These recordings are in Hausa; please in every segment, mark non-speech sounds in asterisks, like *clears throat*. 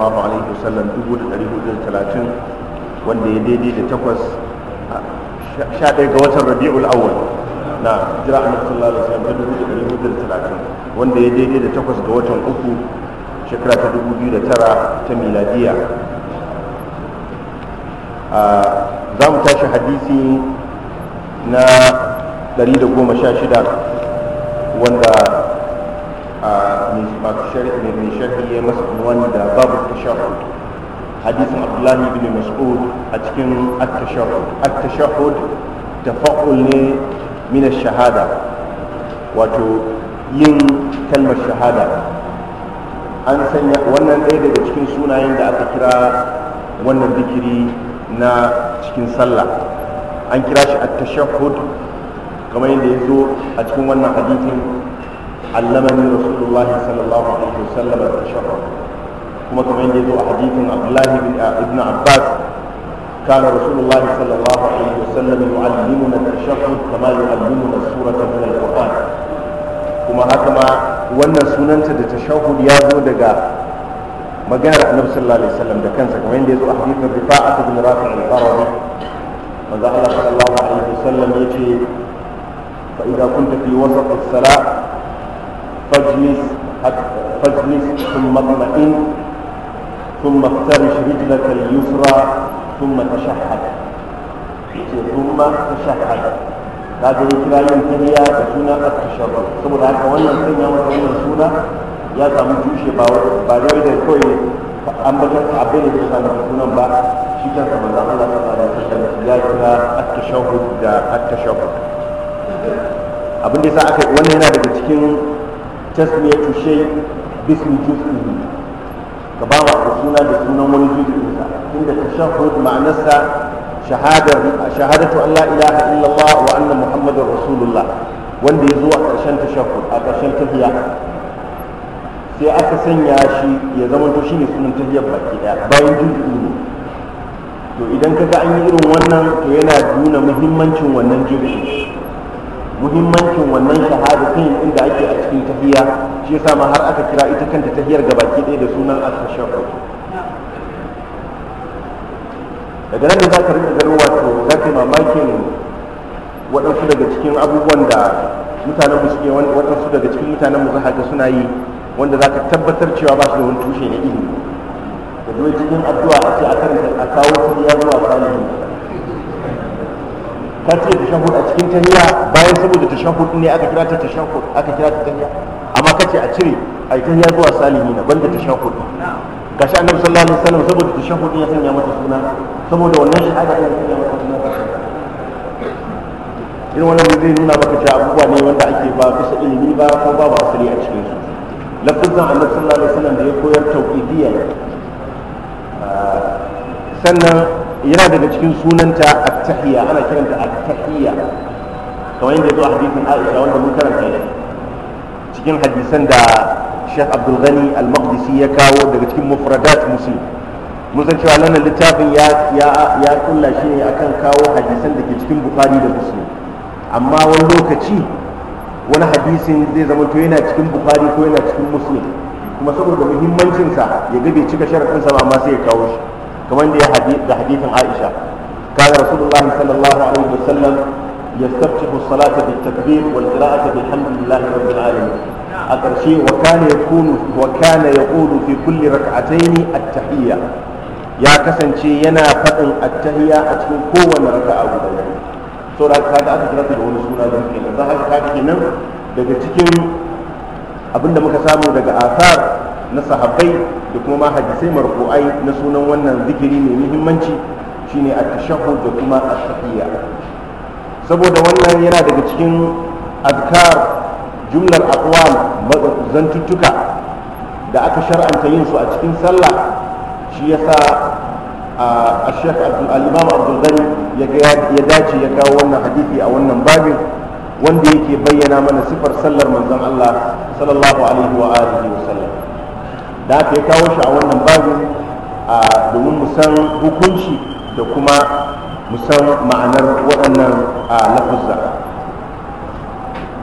sallallahu alaihi wasallam talatin wanda ya daidai da takwas 11 ga watan rabi'ul awwal na jira da dari hudu da talatin wanda ya daidai da takwas ga watan uku shekara ta tara ta miladiya za mu tashi hadisi na 116 wanda sharh ne mai sharhi ya masa wanda babu tashahhud hadisin abdullahi ibn mas'ud a cikin at-tashahhud at-tashahhud ne min shahada wato yin kalmar shahada an sanya wannan ɗaya daga cikin sunayen da aka kira wannan zikiri na cikin sallah an kira shi at-tashahhud kamar yadda ya zo a cikin wannan hadisin علمني رسول الله صلى الله عليه وسلم التشرع كما كما يجد حديث عبد الله بن آه، ابن عباس كان رسول الله صلى الله عليه وسلم يعلمنا التشرع كما يعلمنا السورة من القرآن كما هكما وانا سننت يا يازو دقا مقارع النبي صلى الله عليه وسلم ده كانت كما حديث الرفاعة بن رافع القرضي ماذا قال صلى الله عليه وسلم يجي فإذا كنت في وسط الصلاة فاجلس فاجلس ثم اطمئن ثم افترش رجلك اليسرى ثم تشهد ثم تشهد هذا الكلام ينتهي يا تشنا التشرب ثم ذاك وانا الحين يا وانا وانا سوره يا تام جوش باور باور ده كوي ام بس ابين ده كان سوره با شيكا كما ذا الله تعالى تشهد يا ترى التشهد ده التشهد ابن دي ساعه وانا هنا ده تشكين tasmiyatu shay bismi juz'ihi ka ba wa suna da sunan wani juz'insa inda tashahhud ma'anarsa shahadar shahadatu Allah ilaha illallah wa anna muhammadar rasulullah wanda ya zo a ƙarshen tashahhud a ƙarshen tahiya sai aka sanya shi ya zama to shine sunan tahiya baki daya bayan juz'i ne to idan kaga an yi irin wannan to yana nuna muhimmancin wannan juz'i muhimmancin wannan shahadatin inda ake a cikin tahiya shi yasa ma har aka kira ita kanta tahiyar gabaki ɗaya da sunan at-tashahhud daga nan da za ka rika ganin wato za ka mamakin waɗansu daga cikin abubuwan da mutanen mu suke waɗansu daga cikin mutanen mu za ka suna yi wanda za ka tabbatar cewa ba su da wani tushe na ilimi da cikin addu'a a ce a karanta a kawo su ya zuwa salihin ta ce tashahud a cikin tahiya bayan saboda tashahud ne aka kira ta tashahud aka kira ta tahiya amma kace a cire a yi zuwa salihi na banda tashahud gashi annabi sallallahu alaihi wasallam saboda tashahud ya sanya mata suna saboda wannan shahada ya sanya mata suna irin wannan zai nuna maka cewa abubuwa ne wanda ake ba bisa ilimi ba ko babu asali a cikin su lafazin annabi sallallahu alaihi wasallam da ya koyar tauhidiyya ah, sannan yana daga cikin sunanta at ana kiranta at-tahiyya kamar yadda zo a hadisin Aisha wanda mun karanta shi cikin hadisan da Sheikh Abdul Ghani Al-Maqdisi ya kawo daga cikin mufradat Muslim mun san cewa nan littafin ya ya ya kulla shi ne akan kawo hadisan da ke cikin Bukhari da Muslim amma wani lokaci wani hadisin zai zama to yana cikin Bukhari ko yana cikin Muslim kuma saboda muhimmancinsa ya ga bai cika sharaɗinsa ba ma sai ya kawo shi kamar da da hadithin Aisha kana Rasulullah sallallahu alaihi wasallam yastaftihu salata bil takbir wal qira'ata bilhamdillahi rabbil alamin a ƙarshe wa kana yakunu wa kana yaqulu fi kulli rak'ataini at-tahiyya ya kasance yana faɗin at-tahiyya a cikin kowane raka'a guda biyu saboda kaga aka kira da wani suna da kenan za ka nan daga cikin abinda muka samu daga asar na sahabbai da kuma ma hadisai marfu'ai na sunan wannan zikiri mai muhimmanci shine a tashahud da kuma a tahiyya saboda wannan yana daga cikin azkar jumlar aqwal zantuttuka da aka shar'anta yin su a cikin sallah shi yasa a Sheikh Abdul ya dace ya kawo wannan hadisi a wannan babin wanda yake bayyana mana sifar sallar manzon Allah sallallahu alaihi wa alihi wa da aka ya kawo shi a wannan babin domin mu san hukunci da kuma mu san ma'anar waɗannan lafuzza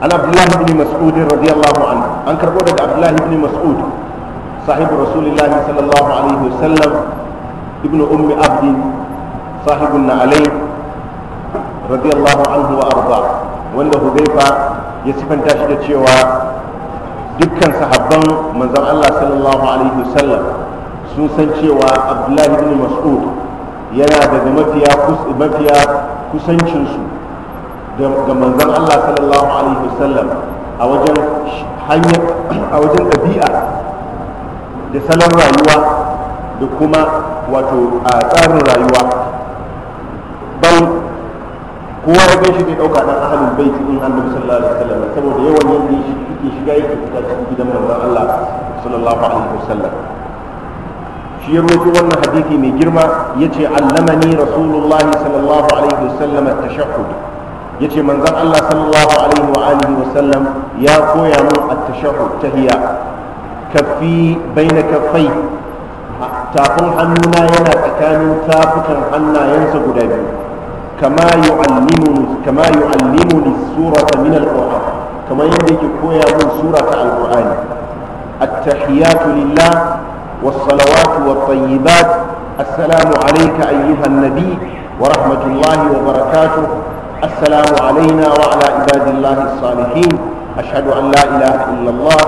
an abdullahi ibn mas'ud radiyallahu anhu an karɓo daga abdullahi ibn mas'ud sahibu rasulillahi sallallahu alaihi wasallam ibn ummi abdi sahibun na'alai radiyallahu anhu wa arba wanda hudaifa ya sifanta shi da cewa dukkan sahabban manzon Allah sallallahu alaihi wasallam sun san cewa Abdullahi ibn Mas'ud yana daga mafiya mafiya kusancin su ga manzon Allah sallallahu alaihi wasallam a wajen hanya *clears throat* a wajen ɗabi'a da salon rayuwa da kuma wato a tsarin rayuwa ban kowa ya gaishe bai ɗauka ɗan ahalin baiti in annabi sallallahu alaihi wasallam saboda yawan yin shi yake shiga yake fita cikin gidan manzon Allah sallallahu alaihi wasallam shi ya roƙi wannan hadisi mai girma yace allamani rasulullah sallallahu alaihi wasallam at-tashahhud yace manzon Allah sallallahu alaihi wa alihi wasallam ya koya mun at-tashahhud tahiyya kaffi baina kaffai tafin hannuna yana tsakanin tafukan hannayensa guda biyu kama yu'allimuni kama yu'allimuni surata min al-qur'an kamar yadda yake koya min sura ta alqur'ani lillah was-salawatu assalamu alayka ayyuhan nabi wa rahmatullahi wa barakatuh السلام علينا وعلى عباد الله الصالحين أشهد أن لا إله إلا الله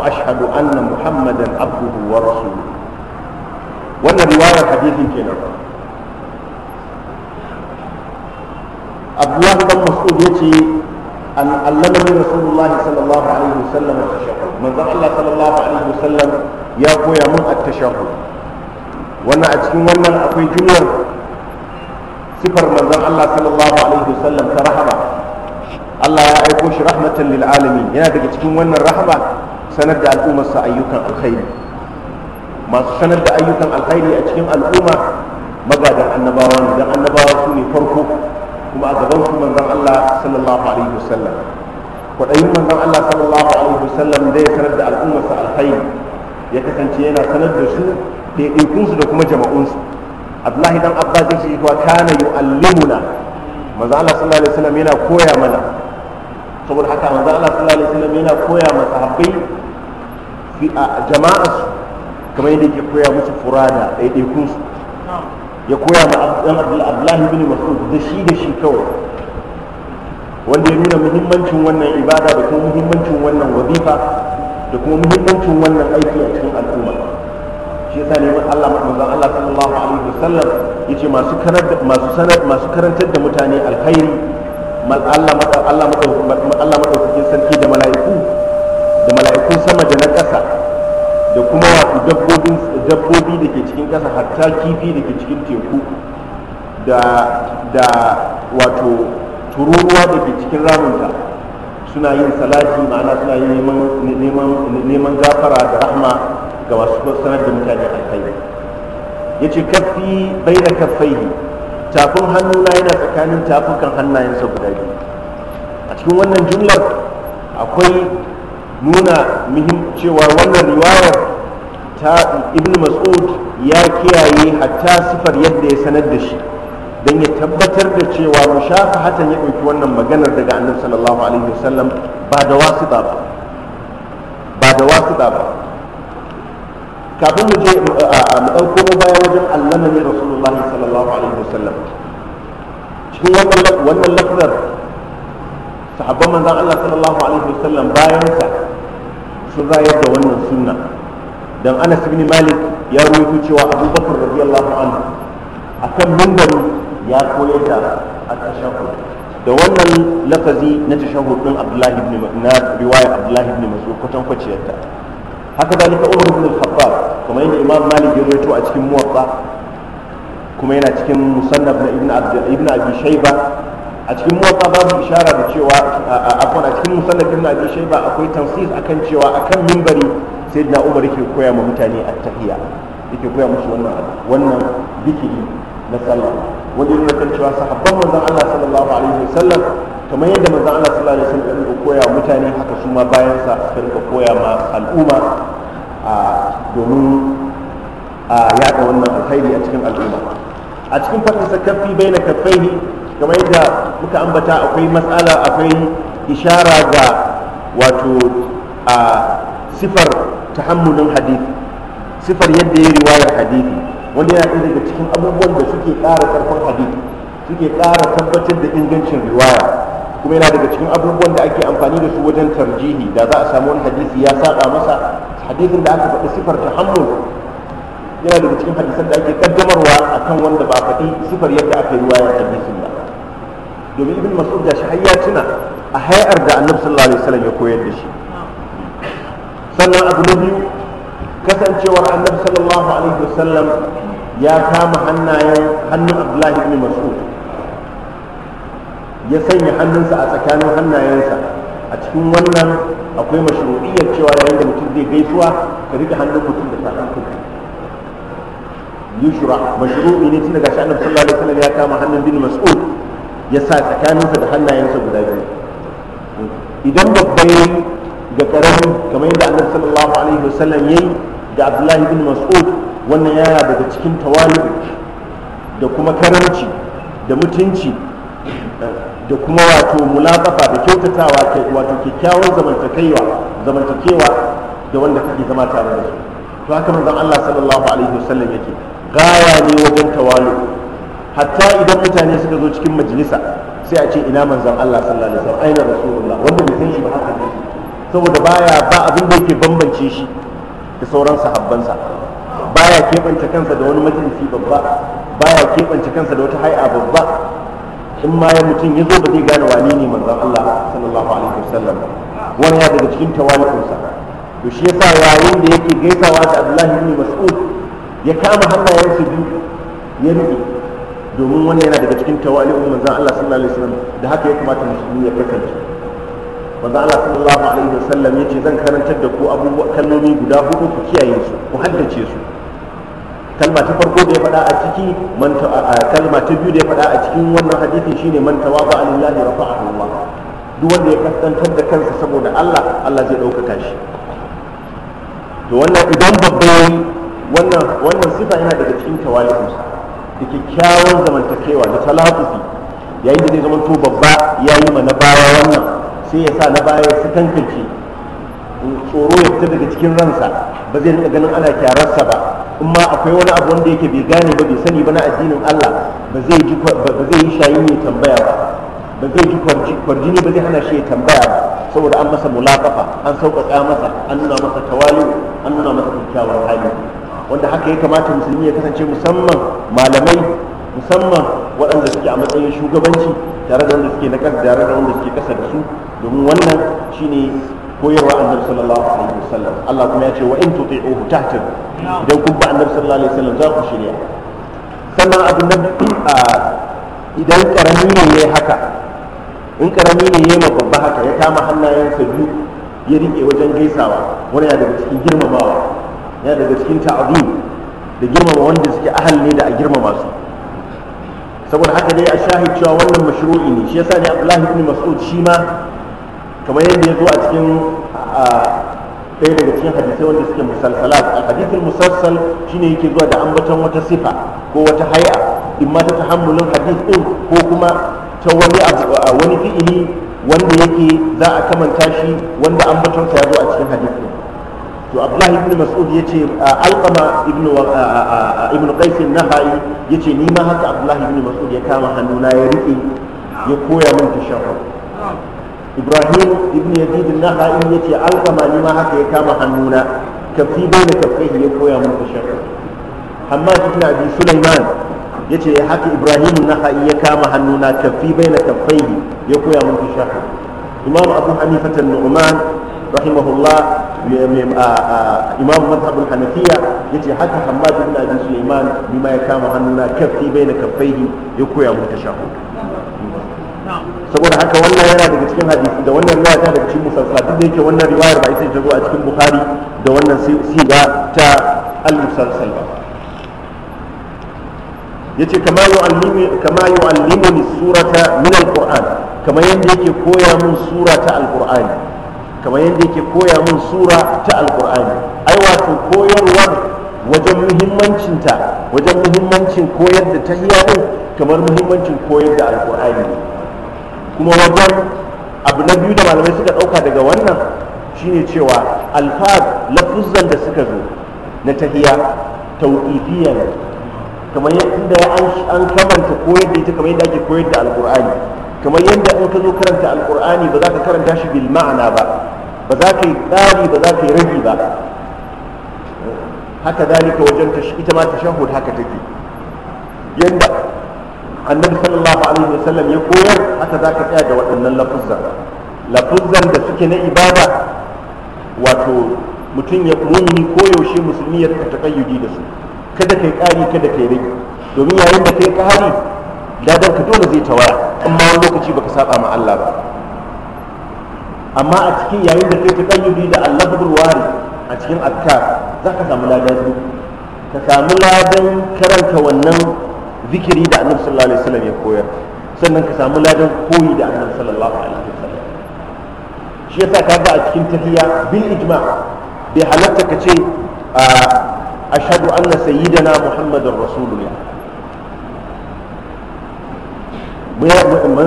وأشهد أن محمدا عبده ورسوله حديث كنا الله an allamani rasulullahi sallallahu alaihi wasallam Allah sallallahu alaihi wasallam ya koya mun at-tashahhud wannan a cikin wannan akwai jumlar sifar manzan Allah sallallahu alaihi wasallam ta rahama Allah ya aiko shi rahmatan lil alamin yana daga cikin wannan rahama sanar da al'ummarsa ayyukan alkhairi masu sanar da ayyukan alkhairi a cikin al'umma magadan annabawa ne dan annabawa su ne farko kuma a gaban su manzon Allah sallallahu alaihi wasallam kwaɗayin manzon Allah sallallahu alaihi wasallam da ya sanar da al'ummarsa alkhairi ya kasance yana sanar da su ɗaiɗaikunsu da kuma jama'unsu abdullahi dan abbas ya ce wa kana yu'allimuna manzon Allah sallallahu alaihi wasallam yana koya mana saboda haka manzon Allah sallallahu alaihi wasallam yana koya ma sahabbai jama'a kamar yadda yake koya musu furada ɗaiɗaikunsu ya koya ma dan abdullahi bin mas'ud da shi da shi kawai wanda ya nuna muhimmancin wannan ibada da kuma muhimmancin wannan wazifa da kuma muhimmancin wannan aiki a cikin al'umma shi yasa ne Allah manzon Allah sallallahu alaihi wasallam yace masu karantar masu sanar masu karantar da mutane alkhairi Allah Allah Allah madaukakin sarki da mala'iku da mala'ikun sama da na ƙasa da kuma dabbobi da ke cikin kasa. hatta kifi da ke cikin teku da wato tururuwa da ke cikin ramunta suna yin salati ma'ana suna yin neman gafara da rahama ga masu sanar da mutane ce yace kaffi da kafai tafin hannuna yana tsakanin tafukan hannayensa guda biyu a cikin wannan jumlar akwai nuna muhim cewa wannan riwayar ta ibn mas'ud ya kiyaye hatta sifar yadda ya sanar da shi don ya tabbatar da cewa mushafa hatan ya ɗauki wannan maganar daga annabi sallallahu alaihi wasallam ba da wasiɗa ba ba da ba kafin mu je mu ɗauko mu baya wajen allamani rasulullah sallallahu alaihi wasallam cikin wannan lafzar sahabban manzan Allah sallallahu alaihi wasallam bayan sa sun rayar da wannan sunna dan anas ibn malik ya ruwaito cewa abubakar radiyallahu anhu akan mimbari ya koyar da at-tashahhud da wannan lafazi na tashahhud din abdullahi ibn na riwaya abdullahi ibn mas'ud kwatan kwaciyarta haka dalika umar ibn al-khattab kamar yadda imam malik ya ruwaito a cikin muwatta kuma yana cikin musannaf na ibn abi shayba a cikin ba babu ishara da cewa akwai a cikin musallafin na bishai ba akwai tansis akan cewa akan mimbari sai na umar yake koya ma mutane a tahiya yake koya musu wannan wannan na sallah wanda yana kan cewa sahabban manzon Allah sallallahu alaihi wasallam kamar yadda manzon Allah sallallahu alaihi wasallam ya koya mutane haka su ma bayan sa suka rika koya ma al'umma a domin a yada wannan alkhairi a cikin al'umma a cikin fadin sakafi bai na kaffaihi kamar yadda muka ambata akwai matsala akwai ishara ga wato a sifar tahammulin hadithi, sifar yadda ya riwayar hadisi wanda yana ɗaya daga cikin abubuwan da suke ƙara ƙarfin hadithi, suke ƙara tabbatar da ingancin riwaya kuma yana daga cikin abubuwan da ake amfani da su wajen tarjihi da za a samu wani hadisi ya saba masa hadisin da aka faɗi sifar hannun yana daga cikin hadisan da ake ƙaddamarwa akan wanda ba a faɗi sifar yadda aka yi riwayar hadisin ba domin ibn mas'ud gashi har ya tuna a hayar da annabi sallallahu alaihi wasallam ya koyar da shi sannan abu na biyu kasancewar annabi sallallahu alaihi wasallam ya kama hannayen hannun abdullahi ibn mas'ud ya sanya hannunsa a tsakanin hannayensa a cikin wannan akwai mashru'iyyar cewa yayin da mutum zai gaisuwa ka rike hannun mutum da ta yushra mashru'i ne tun daga shi annabi sallallahu alaihi wasallam ya kama hannun bin mas'ud ya sa tsakaninsa da hannayensa guda biyu idan babban ga karami kamar yadda annabi sallallahu alaihi wasallam yayi da abdullahi ibn mas'ud wannan yana daga cikin tawali'u da kuma karanci da mutunci da kuma wato mulaqafa da kyautatawa wato kyakkyawan zamantakewa zamantakewa da wanda kake zama tare da shi to haka manzon Allah sallallahu alaihi wasallam yake gaya ne wajen tawali'u hatta idan mutane suka zo cikin majalisa sai a ce ina manzon Allah sallallahu alaihi wasallam aina rasulullah wanda bai san shi ba haka ne saboda baya ba abin da yake bambance shi da sauran sahabbansa baya keɓance kansa da wani majalisi babba baya keɓance kansa da wata hay'a babba in ma ya mutum ya zo ba zai gane wani ne manzon Allah sallallahu alaihi wasallam wani ya daga cikin tawali'unsa to shi yasa yayin da yake gaisawa da Abdullahi ibn Mas'ud ya kama hannayensu biyu ya rufe domin wannan yana daga cikin tawali'un zan Allah sallallahu alaihi wasallam da haka ya kamata musulmi ya kasance manzon Allah sallallahu alaihi wasallam ce zan karantar da ku abubuwa kalmomi guda hudu ku kiyaye su ku haddace su kalma ta farko da ya faɗa a ciki kalma ta biyu da ya faɗa a cikin wannan hadisin shine man tawaba alillahi a Allah duk wanda ya kasantar da kansa saboda Allah Allah zai ɗaukaka shi to wannan idan babban wannan wannan sifa yana daga cikin tawali'unsa da kyakkyawan zamantakewa da talafufi yayin da zai zama to babba ya yi ma na baya wannan sai ya sa na baya ya sakankance tsoro ya fita daga cikin ransa ba zai nuna ganin ana kyararsa ba in akwai wani abu wanda yake bai gane ba bai sani ba na addinin Allah ba zai ji ba zai yi shayin ya tambaya ba ba zai ji kwarjini ba zai hana shi ya tambaya ba saboda an masa mulakafa an sauƙaƙa masa an nuna masa tawali an nuna masa kyakkyawan hali wanda haka ya kamata musulmi ya kasance musamman malamai musamman waɗanda suke a matsayin shugabanci tare da wanda suke na ƙasa tare da wanda suke ƙasa da su domin wannan shine koyarwa annabi sallallahu alaihi wasallam Allah kuma ya ce wa in tuti'uhu tahtad idan kun ba annabi sallallahu alaihi wasallam za ku shirya sannan abin nan idan karami ne yayi haka in karami ne yayi babba haka ya kama hannayensa biyu ya rike wajen gaisawa wani yana daga cikin girmamawa ya daga cikin ta'azim da girmama wanda suke ahal ne da a girmama su saboda haka dai a shahid cewa wannan mashru'i ne shi yasa ne Abdullahi ibn Mas'ud shi ma kamar yadda ya zo a cikin ɗaya daga cikin hadisai wanda suke musalsalat a hadithul musalsal shine yake zuwa da ambaton wata sifa ko wata hay'a imma ta tahammulin hadis din ko kuma ta wani wani fi'ili wanda yake za a kamanta shi wanda ambaton sa ya zo a cikin hadisi to abdullahi ibn mas'ud yace alqama ibn ibn qais an-nahai yace ni ma haka abdullahi ibn mas'ud ya kama hannuna ya rike ya koya min tashahhud ibrahim ibn yazid an-nahai yace alqama ni ma haka ya kama hannuna kafi bayna kafaihi ya koya min tashahhud hammad ibn abi sulaiman yace haka ibrahim an-nahai ya kama hannuna kafi bayna kafaihi ya koya min tashahhud imam abu hanifa an-nu'man rahimahullah imam mazhabul hanafiya yace haka hammad ibn abi sulaiman bima ya kama hannuna kaffi baina kaffaihi ya koya mu tashahhud saboda haka wannan yana daga cikin hadisi da wannan riwaya ta daga cikin musalsala duk da yake wannan riwayar ba ita ta zo a cikin bukhari da wannan siga ta al-musalsal ba yace kama yu'allimuni kama yu'allimuni surata min al-qur'an kamar yadda yake koya mun sura ta al-qur'ani kamar yadda yake koya min sura ta alkur'ani ai wato koyarwar wajen muhimmancinta wajen muhimmancin koyar da ta din kamar muhimmancin koyar da alkur'ani kuma wajen abu na biyu da malamai suka ɗauka daga wannan shine cewa alfaz lafuzzan da suka zo na tahiya tauqifiyya ne kamar yadda an kamanta koyar da ita kamar yadda ake koyar da alkur'ani kamar yadda in ka zo karanta alkur'ani ba za ka karanta shi bil ma'ana ba ba za ka yi tsari ba za ka yi rabi ba haka zalika wajen ita ma tashahhud haka take yadda annabi sallallahu alaihi wasallam ya koyar haka za ka tsaya da waɗannan lafuzzan lafuzzan da suke na ibada wato mutum ya mumini koyaushe musulmi ya taƙayyudi da su kada kai ƙari kada kai rage domin yayin da kai ƙari ladan ka dole zai tawaya in ma wani lokaci baka saba ma Allah ba amma a cikin yayin da kai taqayyudi da Allah wari a cikin azkar za ka samu ladan su ka samu ladan karanta wannan zikiri da Annabi sallallahu alaihi wasallam ya koyar sannan ka samu ladan koyi da Annabi sallallahu alaihi wasallam shi yasa ka ga a cikin tahiyya bil ijma' bai halatta ka ce ah, ashhadu anna sayyidana muhammadar rasulullah muna girmama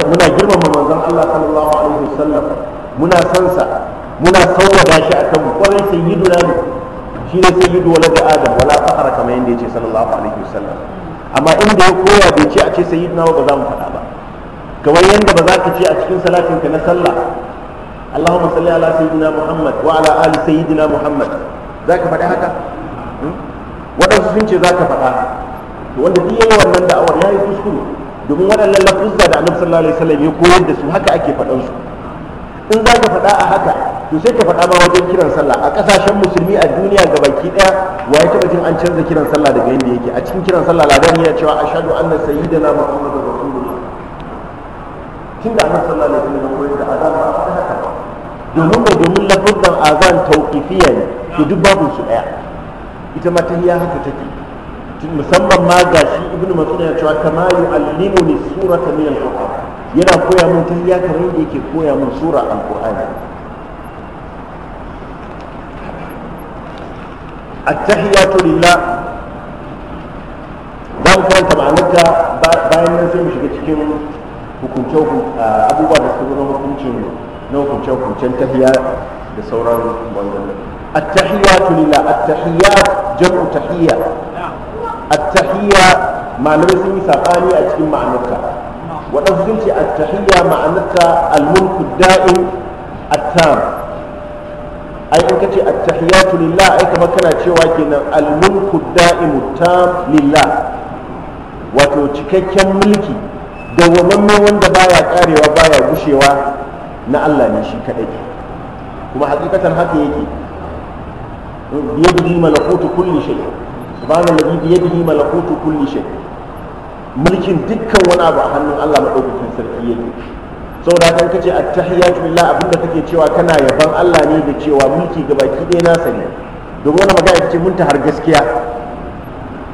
manzon Allah sallallahu alaihi wasallam muna san sa muna sauwada shi akan kwarai sayyiduna ne shi ne sayyidu wala da adam wala fahara kamar yadda yace sallallahu alaihi wasallam amma inda ya koya bai ce a ce sayyiduna ba za mu faɗa ba kamar yadda ba za ka ce a cikin salatin ka na sallah Allahumma salli ala sayyidina Muhammad wa ala ali sayyidina Muhammad za ka faɗi haka hmm? waɗansu sun ce za ka faɗa to wanda duk yayin wannan da'awar ya yi kuskure domin waɗannan lafuzza da annabi sallallahu alaihi wasallam ya koyar da su haka ake faɗan su in za ka faɗa a haka to sai ka faɗa ma wajen kiran sallah a ƙasashen musulmi a duniya ga baki ɗaya wa ya taɓa jin an canza kiran sallah daga yadda yake a cikin kiran sallah ladan ya cewa ashhadu anna sayyidana muhammadu rasulullah tunda annabi sallallahu alaihi wasallam ya koyar da azan ba a faɗa haka domin ba domin lafuzzan azan tauqifiyya ne to duk babu su ɗaya ita ma ta haka take musamman ma ga shi ibn mas'ud yana cewa kama ne surata min al-qur'an yana koya mun tahiyya kamar yadda yake koya mun sura al-qur'ani at-tahiyatu lillah zan karanta ma'anarta bayan nan sai mu shiga cikin hukunce abubuwa da suka zama hukuncin na hukunce hukuncen tahiyya da sauran wannan at-tahiyatu lillah at-tahiyyat jam'u tahiyya attahiyya malamai sun yi saɓani a cikin ma'anarta waɗansu sun ce attahiyya ma'anarta almulku da'in attam ai in kace attahiyatu lillah ai kana cewa kenan almulku da'imu tam lillah wato cikakken mulki dawwamammen wanda baya karewa baya bushewa na Allah ne shi kadai kuma hakikatan haka yake biyadihi malakutu kulli shay' subhana alladhi bi yadihi malakutu kulli shay mulkin dukkan wani abu a hannun Allah madaukakin sarki yake saboda haka kace at-tahiyatu lillah abinda kake cewa kana yaban Allah ne da cewa mulki gabaki ɗaya na ne domin wani magana ita ce muntahar gaskiya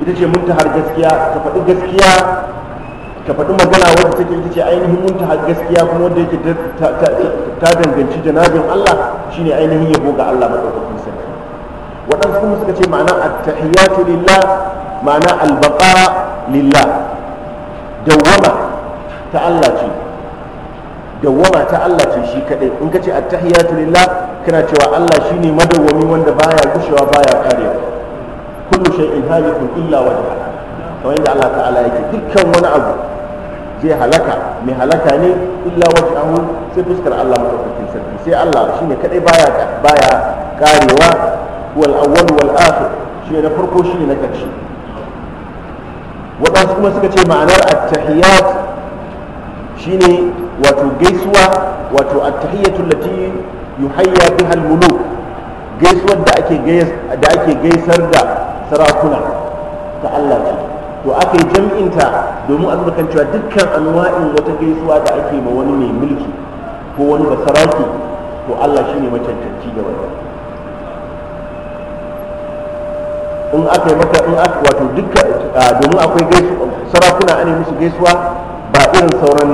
ita ce muntahar gaskiya ka faɗi gaskiya ka faɗi magana wanda take ita ce ainihin muntahar gaskiya kuma wanda yake ta danganci janabin Allah shine ainihin yabo ga Allah madaukakin sarki waɗansu kuma suka ce ma'ana attahiyatu lillah ma'ana lillah dawwama ta Allah ce dawwama ta Allah ce shi kadai in ka ce attahiyatu lillah kana cewa Allah shine madawwami wanda baya gushewa baya karewa kullu shay'in halikun illa wajha kamar yadda Allah ta'ala yake dukkan wani abu zai halaka mai halaka ne illa wajhahu sai fuskar Allah madaukakin sarki sai Allah shine kadai baya baya karewa wal awwal wal akhir shi na farko shi na ƙarshe waɗansu kuma suka ce ma'anar attahiyat shine wato gaisuwa wato at-tahiyatu yuhayya biha al gaisuwar da ake da ake gaisar da sarakuna ta Allah ce to aka yi jam'inta domin a zuba cewa dukkan anwa'in wata gaisuwa da ake ma wani mai mulki ko wani basaraki to Allah shine macancanci da wannan in aka yi maka in aka wato duka domin akwai gaisuwa sarakuna ana musu gaisuwa ba irin sauran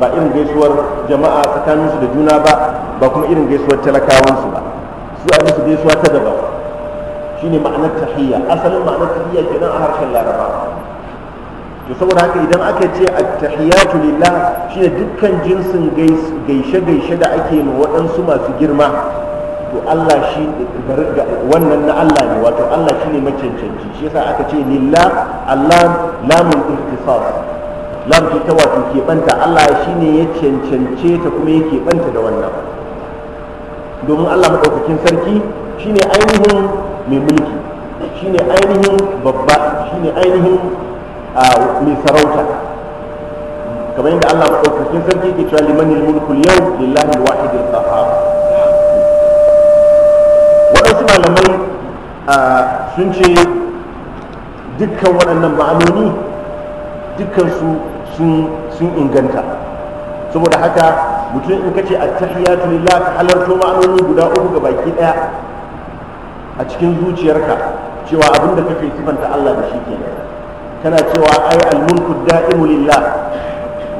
ba irin gaisuwar jama'a tsakaninsu da juna ba ba kuma irin gaisuwar talakawansu ba su a musu gaisuwa ta daban shine ma'anar tahiyya asalin ma'anar tahiyya kenan a harshen laraba to saboda haka idan aka ce at-tahiyatu lillah shine dukkan jinsin gaishe gaishe da ake ma waɗansu masu girma to Allah shi wannan na Allah ne wato Allah shi ne macancanci shi yasa aka ce lillah Allah lamun ikhtisas lam ce ta wato ke banta Allah shi ne ya cancance ta kuma yake banta da wannan domin Allah madaukakin sarki shi ne ainihin mai mulki shi ne ainihin babba shi ne ainihin mai sarauta kamar yadda Allah madaukakin sarki ke cewa limanil mulkul yau lillahi alwahid alqahhar waɗansu malamai sun ce dukkan waɗannan ma'anoni dukkansu sun inganta saboda haka mutum in kace attahiyatu lillah ka halarto ma'anoni guda uku ga baki ɗaya a cikin zuciyarka cewa abinda kake sifanta Allah da shi kenan kana cewa ai al-mulku da'imu lillah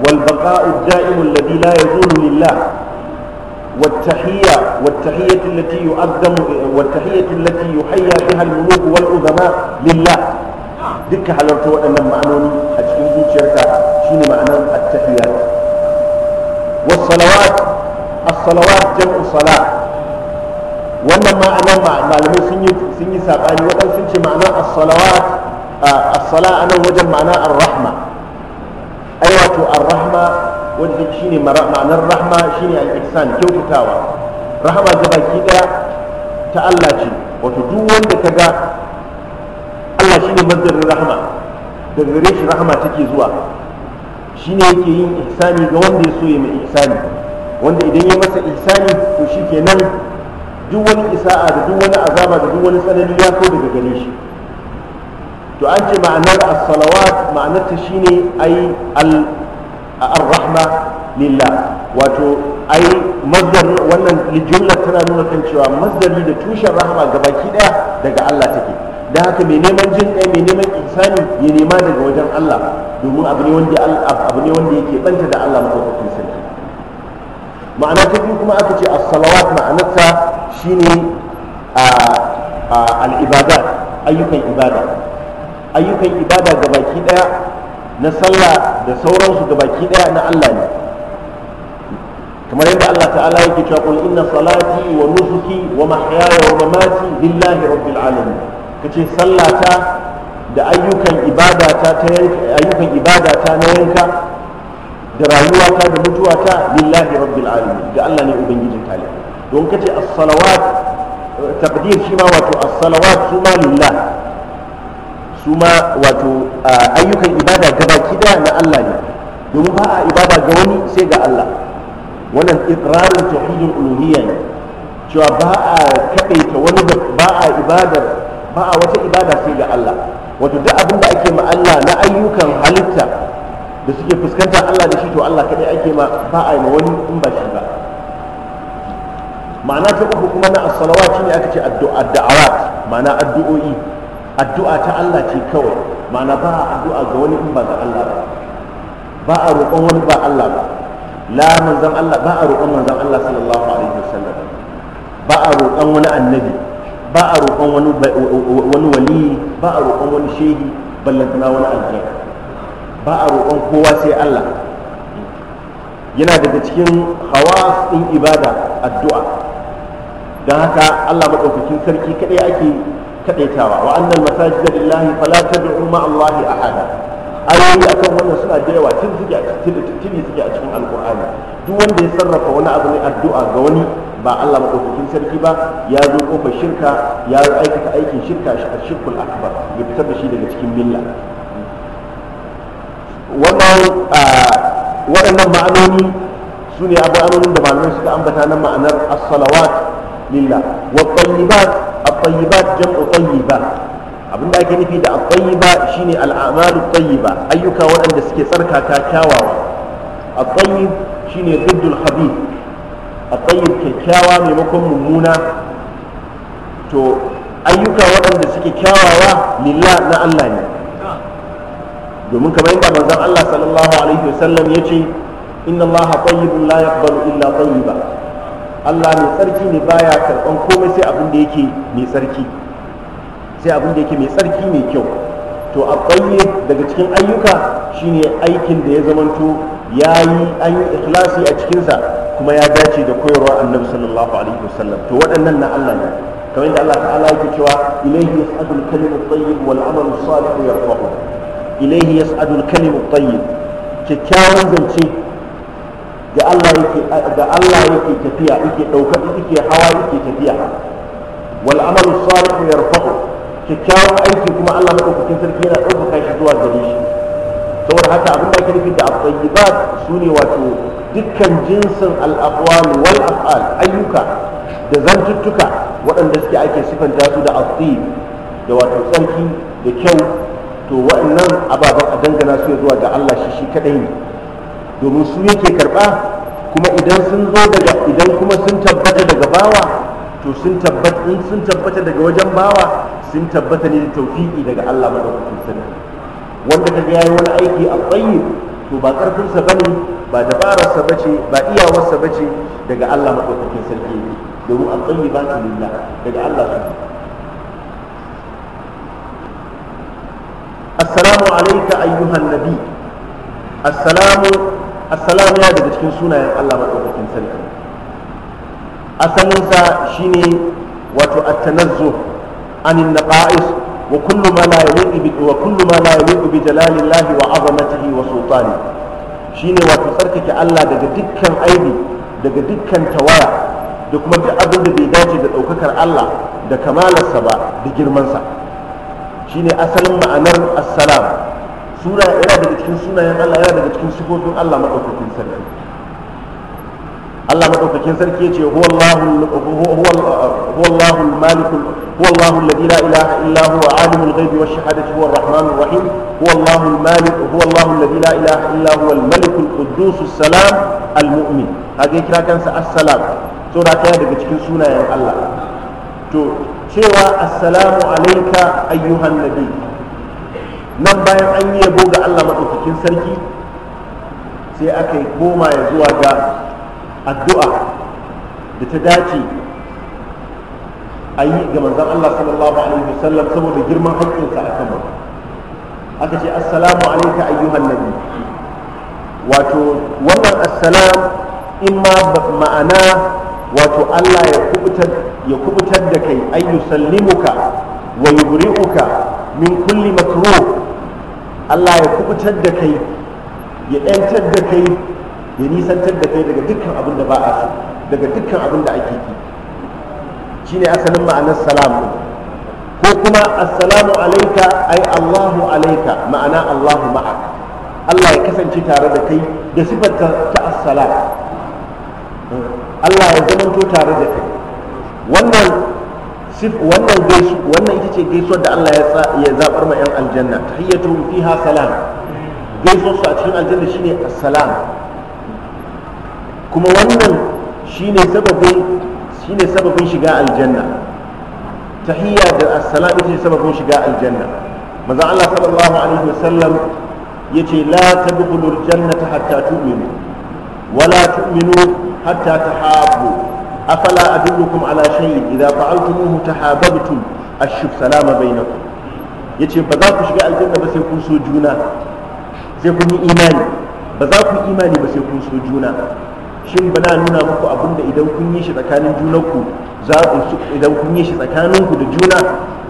wal baqa'u da'imu alladhi la yazulu lillah والتحية والتحية التي يؤذن والتحية التي يحيى بها الملوك والعظماء لله دك على رتوة أن معنون أجل شركة شين معنى التحيات والصلوات الصلوات جمع صلاة وأن معنى معلمين سني سني سابعني وأن سني معنى الصلوات آه، الصلاة أنا وجد معنى الرحمة أيوة الرحمة wanda shine ma'anar rahma shine al al'isan kyautatawa rahama ga baki daya ta Allah ce wato duk wanda ka ga Allah shi ne mazarin rahama da gare shi rahama take zuwa shi ne yake yin ihsani ga wanda ya so ya mai ihsani wanda idan ya masa ihsani to nan, duk wani isa'a da duk wani azaba da duk wani tsanani ya ko daga gare shi to an ce ma'anar as-salawat ma'anar ta shine ai al ar-rahma lillah wato ai masdar wannan jumlar tana nuna kan cewa masdari da tushen rahama ga baki daya daga Allah take da haka mai neman jin kai mai neman ihsani ya nema daga wajen Allah domin abu ne wanda abu ne wanda yake banta da Allah madaukakin sarki ma'ana ta biyu kuma aka ce as-salawat ma'anarsa shine al-ibadat ayyukan ibada ayyukan ibada ga baki daya na sallah da sauransu ga baki daya na Allah ne kamar yadda Allah ta'ala yake cewa qul inna salati wa nusuki wa mahyaya wa mamati lillahi rabbil alamin kace sallata da ayyukan ibadata ta ayyukan ibadata na yanka da rayuwata da mutuwata lillahi rabbil alamin ga Allah ne ubangijin talib don kace as-salawat taqdir shi ma wato as-salawat ma lillahi su ma wato ayyukan ibada gabaki daya na Allah ne domin ba a ibada ga wani sai ga Allah wannan ikrarin tauhidul uluhiyya ne cewa ba a kaɗaita wani ba a ibada ba a wata ibada sai ga Allah wato duk abin da ake ma Allah na ayyukan halitta da suke fuskantar Allah da shi to Allah kaɗai ake ma ba a yi ma wani in ba shi ba ma'ana ta uku kuma na as-salawat ne aka ce addu'a da'awat ma'ana addu'o'i addu'a ta Allah ce kawai ma'ana ba addu'a ga wani in ba ga Allah ba ba a roƙon wani ba Allah ba la manzon Allah ba a roƙon manzon Allah sallallahu alaihi wasallam ba a roƙon wani annabi ba a roƙon wani wani wali ba a roƙon wani shehi ballantana wani aljanna ba a roƙon kowa sai Allah yana daga cikin hawa din ibada addu'a don haka Allah maɗaukakin sarki kaɗai ake kadaitawa wa annal masajid lillahi fala tad'u ma Allah ahada ayoyi akan wannan suna da yawa tun suke a cikin tuni cikin alqur'ani duk wanda ya sarrafa wani abu ne addu'a ga wani ba Allah madaukakin sarki ba ya zo kofar shirka ya aikata aikin shirka shi shirkul akbar ya fitar da shi daga cikin milla waɗannan ma'anoni su ne abu anonin da malamai suka ambata na ma'anar as-salawat lillah wa at-tayyibat jam'u abin da ake nufi da ba shi ne al kwayi ba. ayyuka waɗanda suke tsarka tsarkaka kyawawa at shi ne diddul Habib, at-tayyib kyakkyawa maimakon mummuna to ayyuka waɗanda suke kyawawa lilla na Allah ne domin kamar yadda manzon Allah sallallahu alaihi wasallam ya ce, inna Allah tayyibun la yaqbalu illa tayyiba Allah mai tsarki ne baya karɓan komai sai abin da yake mai tsarki sai abin da yake mai tsarki mai kyau to a ƙauye daga cikin ayyuka shine aikin da ya zamanto ya yi an yi ikhlasi a cikinsa kuma ya dace da koyarwa annabi sallallahu alaihi wasallam to waɗannan na Allah ne kamar yadda Allah ta'ala yake cewa ilayhi yas'adul kalimu tayyib wal amalu salihu yarfa'u ilayhi yas'adul kalimu tayyib kyakkyawan zance ga Allah yake tafiya yake dauka yake hawa yake tafiya wal amalu salih yarfa'u kikkiawan aiki kuma Allah madaukakin sarki yana ɗaukaka shi zuwa gare shi saboda haka abin da ake nufi da at sune wato dukkan jinsin al-aqwal wal af'al ayyuka da zantuttuka waɗanda suke ake sifanta su da at da wato tsarki da kyau to waɗannan ababen a dangana su zuwa ga Allah shi shi kadai ne domin su yake karba kuma idan sun zo daga idan kuma sun tabbata daga bawa to sun tabbata in sun tabbata daga wajen bawa sun tabbata ne da tawfiqi daga Allah madaukakin sarki wanda kaga yayi wani aiki a tsayi to ba karfinsa bane ba dabararsa bace ba iyawarsa bace daga Allah madaukakin sarki ne domin an tsayi ba lillah daga Allah subhanahu السلام عليك أيها النبي السلام assalamu yana daga cikin sunayen Allah maɗaukakin sarki asalinsa shine wato at-tanazzu anin naqa'is wa kullu ma la yaliqu bi wa kullu ma la yaliqu bi jalalillahi wa 'azamatihi wa sultani shine wato tsarkake Allah daga dukkan aibi daga dukkan tawaya da kuma duk abin da bai dace da ɗaukakar Allah da kamalarsa ba da girmansa shine asalin ma'anar assalam suna yana daga cikin sunayen Allah yana daga cikin sifofin Allah madaukakin sarki Allah madaukakin sarki yace huwallahu huwallahu al-malik huwallahu alladhi la ilaha illa huwa alimul ghaibi wash shahadati huwa ar-rahmanur rahim huwallahu al-malik huwallahu alladhi la ilaha illa huwa al-malik al-quddus as-salam al-mu'min hage kira kansa as-salam so da ta daga cikin sunayen Allah to cewa assalamu alayka ayyuhan nabiy nan bayan an yi yabo ga allah maɗaukakin sarki sai aka yi koma ya zuwa ga addu'a da ta dace a yi ga manzan allah sallallahu alaihi wasallam saboda girman haƙƙinsa a kan aka ce assalamu alaika ayyuhan nabi wato wannan assalam in ma ma'ana wato allah ya kubutar da kai ayyu sallimuka wa yubri'uka min kulli makruh Allah ya kubutar da kai ya ɗantar da kai ya nisantar da kai daga dukkan abin da ba a so daga dukkan abin da ake ki ne asalin ma'anar salam ko kuma assalamu alaika ai Allahu alaika ma'ana Allahu ma'a. Allah ya kasance tare da kai da sifar ta assala Allah ya zamanto tare da kai wannan wannan gaisu wannan ita ce gaisuwar da Allah ya zabar ma yan aljanna tahiyyatuhum fiha salam gaisuwar su a cikin aljanna shine assalam kuma wannan shine sababin shine sababin shiga aljanna tahiyya da assalam ita ce sababin shiga aljanna manzo Allah sallallahu alaihi wasallam yace la tadkhulul jannata hatta tu'minu wala tu'minu hatta tahabbu afala adullukum ala shay'in idza fa'altumuhu tahabbtum ashuf salama bainakum yace ba za ku shiga aljanna ba sai kun so juna sai kun yi imani ba za ku imani ba sai kun so juna shin bana nuna muku abin da idan kun yi shi tsakanin junanku idan kun yi shi tsakaninku da juna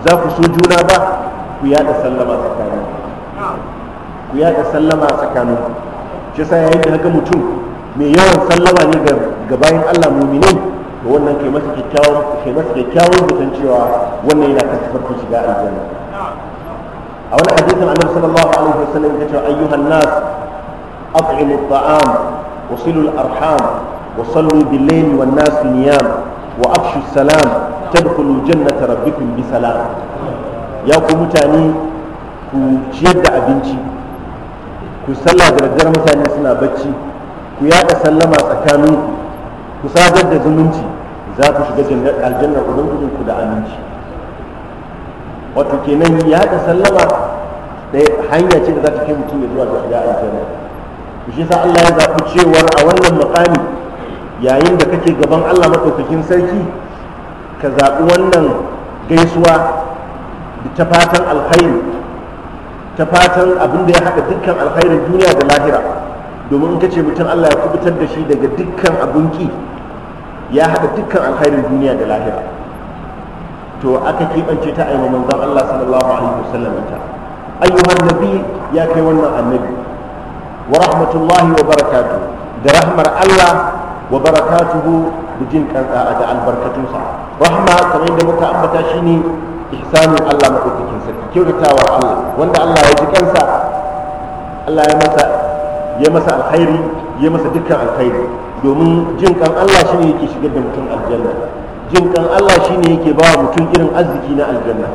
za ku so juna ba ku sallama tsakanin ku sallama tsakanin mutum mai yawan sallama ne ga bayan Allah mu'minin da wannan kai masa kyakkyawan kai masa kyakkyawan mutan cewa wannan yana kan tafarkin shiga aljanna a wani hadisin annabi sallallahu alaihi wasallam ya ce ayyuhan nas at'imu at'am wa silu al-arham wa sallu bil-layli wan nas niyam wa afshu salam tadkhulu jannata rabbikum bi salam ya ku mutane ku ciyar da abinci ku sallah da daddare mutane suna bacci ku yada sallama tsakaninku ku sadar da zumunci za ku shiga aljannar ubangijin ku da aminci wato kenan ya ta sallama da hanya ce da za ta kai mutum ya zuwa ga shiga aljanna shi yasa Allah ya zaɓi cewar a wannan makami yayin da kake gaban Allah maɗaukakin sarki ka zaɓi wannan gaisuwa ta fatan alkhairi ta fatan abin da ya haɗa dukkan alkhairin duniya da lahira domin ka ce mutum Allah ya kubutar da shi daga dukkan ki ya haɗa dukkan alkhairin duniya da lahira to aka keɓance ta aima manzan Allah sallallahu alaihi wasallam ta ayyuhan nabi ya kai wannan annabi wa rahmatullahi wa barakatu. da rahmar Allah wa barakatuhu da jin kanka da albarkatunsa rahma kamar da muka ambata shine ihsanin Allah madaukakin sarki kyautatawa Allah wanda Allah ya ji kansa Allah ya masa ya masa alkhairi ya masa dukkan alkhairi domin jin kan Allah shine yake shigar da mutum aljanna jin kan Allah shine yake ba mutum irin arziki na aljanna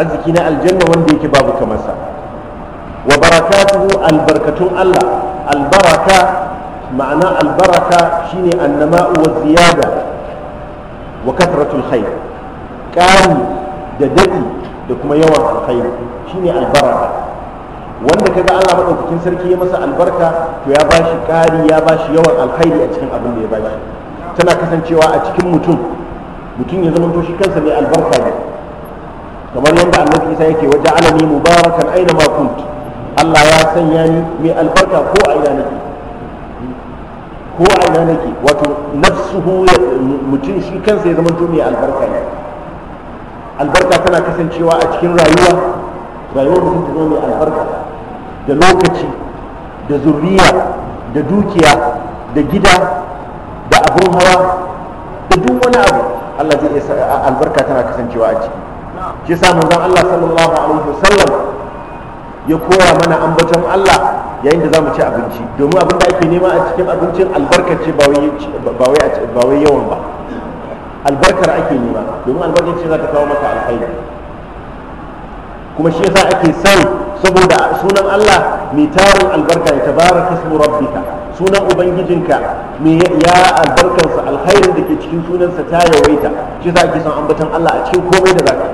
arziki na aljanna wanda yake babu kamarsa wa barakatuhu albarkatun Allah albaraka ma'ana albaraka shine annama'u wa ziyada wa kathratul khair ƙari da dadi da kuma yawan alkhairi shine albaraka wanda kaga Allah madaukakin sarki ya masa albarka to ya bashi kari ya bashi yawan alkhairi a cikin abin da ya bashi tana kasancewa a cikin mutum mutum ya zama to shi kansa mai albarka ne kamar yadda annabi Isa yake waje alani mubarakan aina ma kunt Allah ya sanya ni mai albarka ko a ina nake ko a ina nake wato nafsuhu mutum shi kansa ya zama to mai albarka ne albarka tana kasancewa a cikin rayuwa rayuwar mutum ta zama mai albarka da lokaci da zuriya da dukiya da gida da abun hawa da duk wani abu Allah zai iya albarka tana kasancewa a ciki shi yasa manzon Allah sallallahu alaihi wasallam ya koya mana ambaton Allah yayin da za mu ci abinci domin abin da ake nema a cikin abincin albarkace ba wai yawan ba albarkar ake nema domin albarkar ce za ta kawo maka alkhairi kuma shi yasa ake son saboda sunan Allah mai tarin albarka ya tabaraka ismu rabbika sunan ubangijinka mai ya albarkarsa alkhairin da ke cikin sunansa ta yawaita shi yasa ake son ambaton Allah a cikin komai da zaka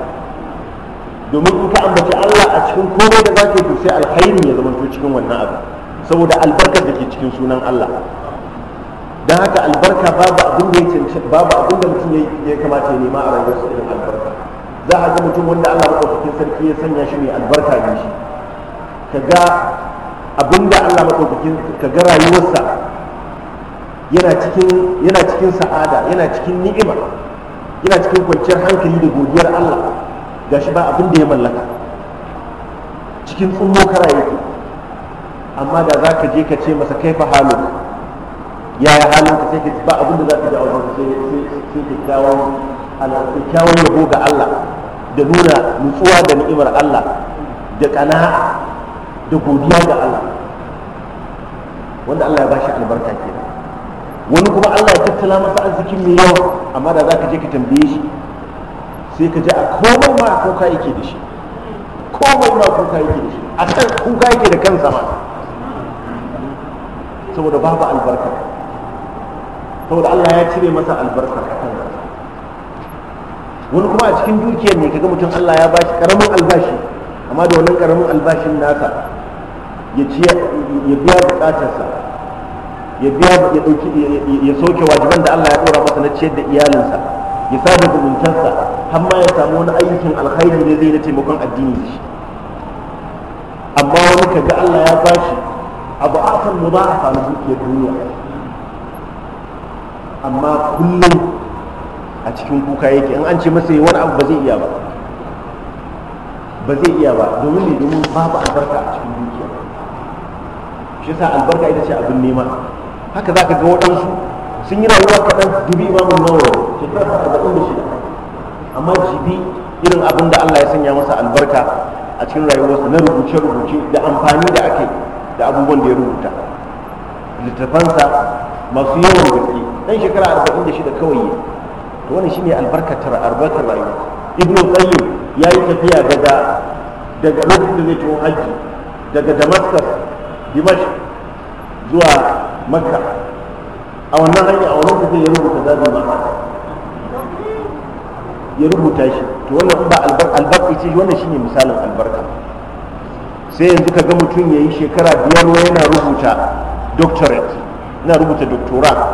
domin in ka ambaci Allah a cikin komai da zaka to sai alkhairin ya zama cikin wannan abu saboda albarkar da ke cikin sunan Allah don haka albarka babu abin da mutum ya kamata ya nema a rayuwarsa irin albarka za a ga mutum wanda Allah maɗaukakin sarki ya sanya shi mai albarka ne shi ka ga abinda Allah maɗaukakin ka ga rayuwarsa yana cikin yana cikin sa'ada yana cikin ni'ima yana cikin kwanciyar hankali da godiyar Allah Ga shi ba abin da ya mallaka cikin tsummo kara yake amma da za ka je ka ce masa kai fa halin yaya halin ka sai ka ba abin da za ka ji a wajen sai kyakkyawan kyawun yabo ga Allah da nuna nutsuwa da ni'imar Allah da kana'a da godiya ga Allah wanda Allah ya bashi albarka ke wani kuma Allah ya tattala masa arzikin mai yawa amma da za ka je ka tambaye shi sai ka je a komai ma kuka yake da shi komai ma kuka yake da shi a kan kuka yake da kansa ma saboda babu albarka saboda Allah ya cire masa albarka wani kuma a cikin dukiyar ne kaga mutum Allah ya bashi karamin albashi amma da wannan karamin albashin nasa ya ci ya biya bukatarsa ya biya ya dauki ya soke wajiban da Allah ya dora masa na ciyar da iyalinsa ya da zumuntarsa har ma ya samu wani ayyukan alkhairi ne zai na taimakon addini da shi amma wani kaga Allah ya bashi abu akan mudha'afa na dukiyar duniya amma kullum a cikin kuka yake in an ce masa yi wani abu ba zai iya ba ba zai iya ba domin ne domin babu albarka a cikin dukiya shi sa albarka ita ce abin nema haka za ka ga waɗansu sun yi rayuwa kaɗan dubi imamun nawawa shekara arba'in da shida amma jibi irin abin da allah ya sanya masa albarka a cikin rayuwarsa na rubuce-rubuce da amfani da ake da abubuwan da ya rubuta littafansa masu yawan gaske ɗan shekara arba'in da shida kawai to wannan shine albarkatar albarkar rayuwa ibnu qayyim yayi tafiya daga daga lokacin da zai tafi haji daga damascus dimashq zuwa makka a wannan hanya a wannan tafiya ya rubuta zabi ma ya rubuta shi to wannan ba albarka ce wannan shine misalin albarka sai yanzu ka ga mutum ya yi shekara biyar yana rubuta doctorate yana rubuta doctorate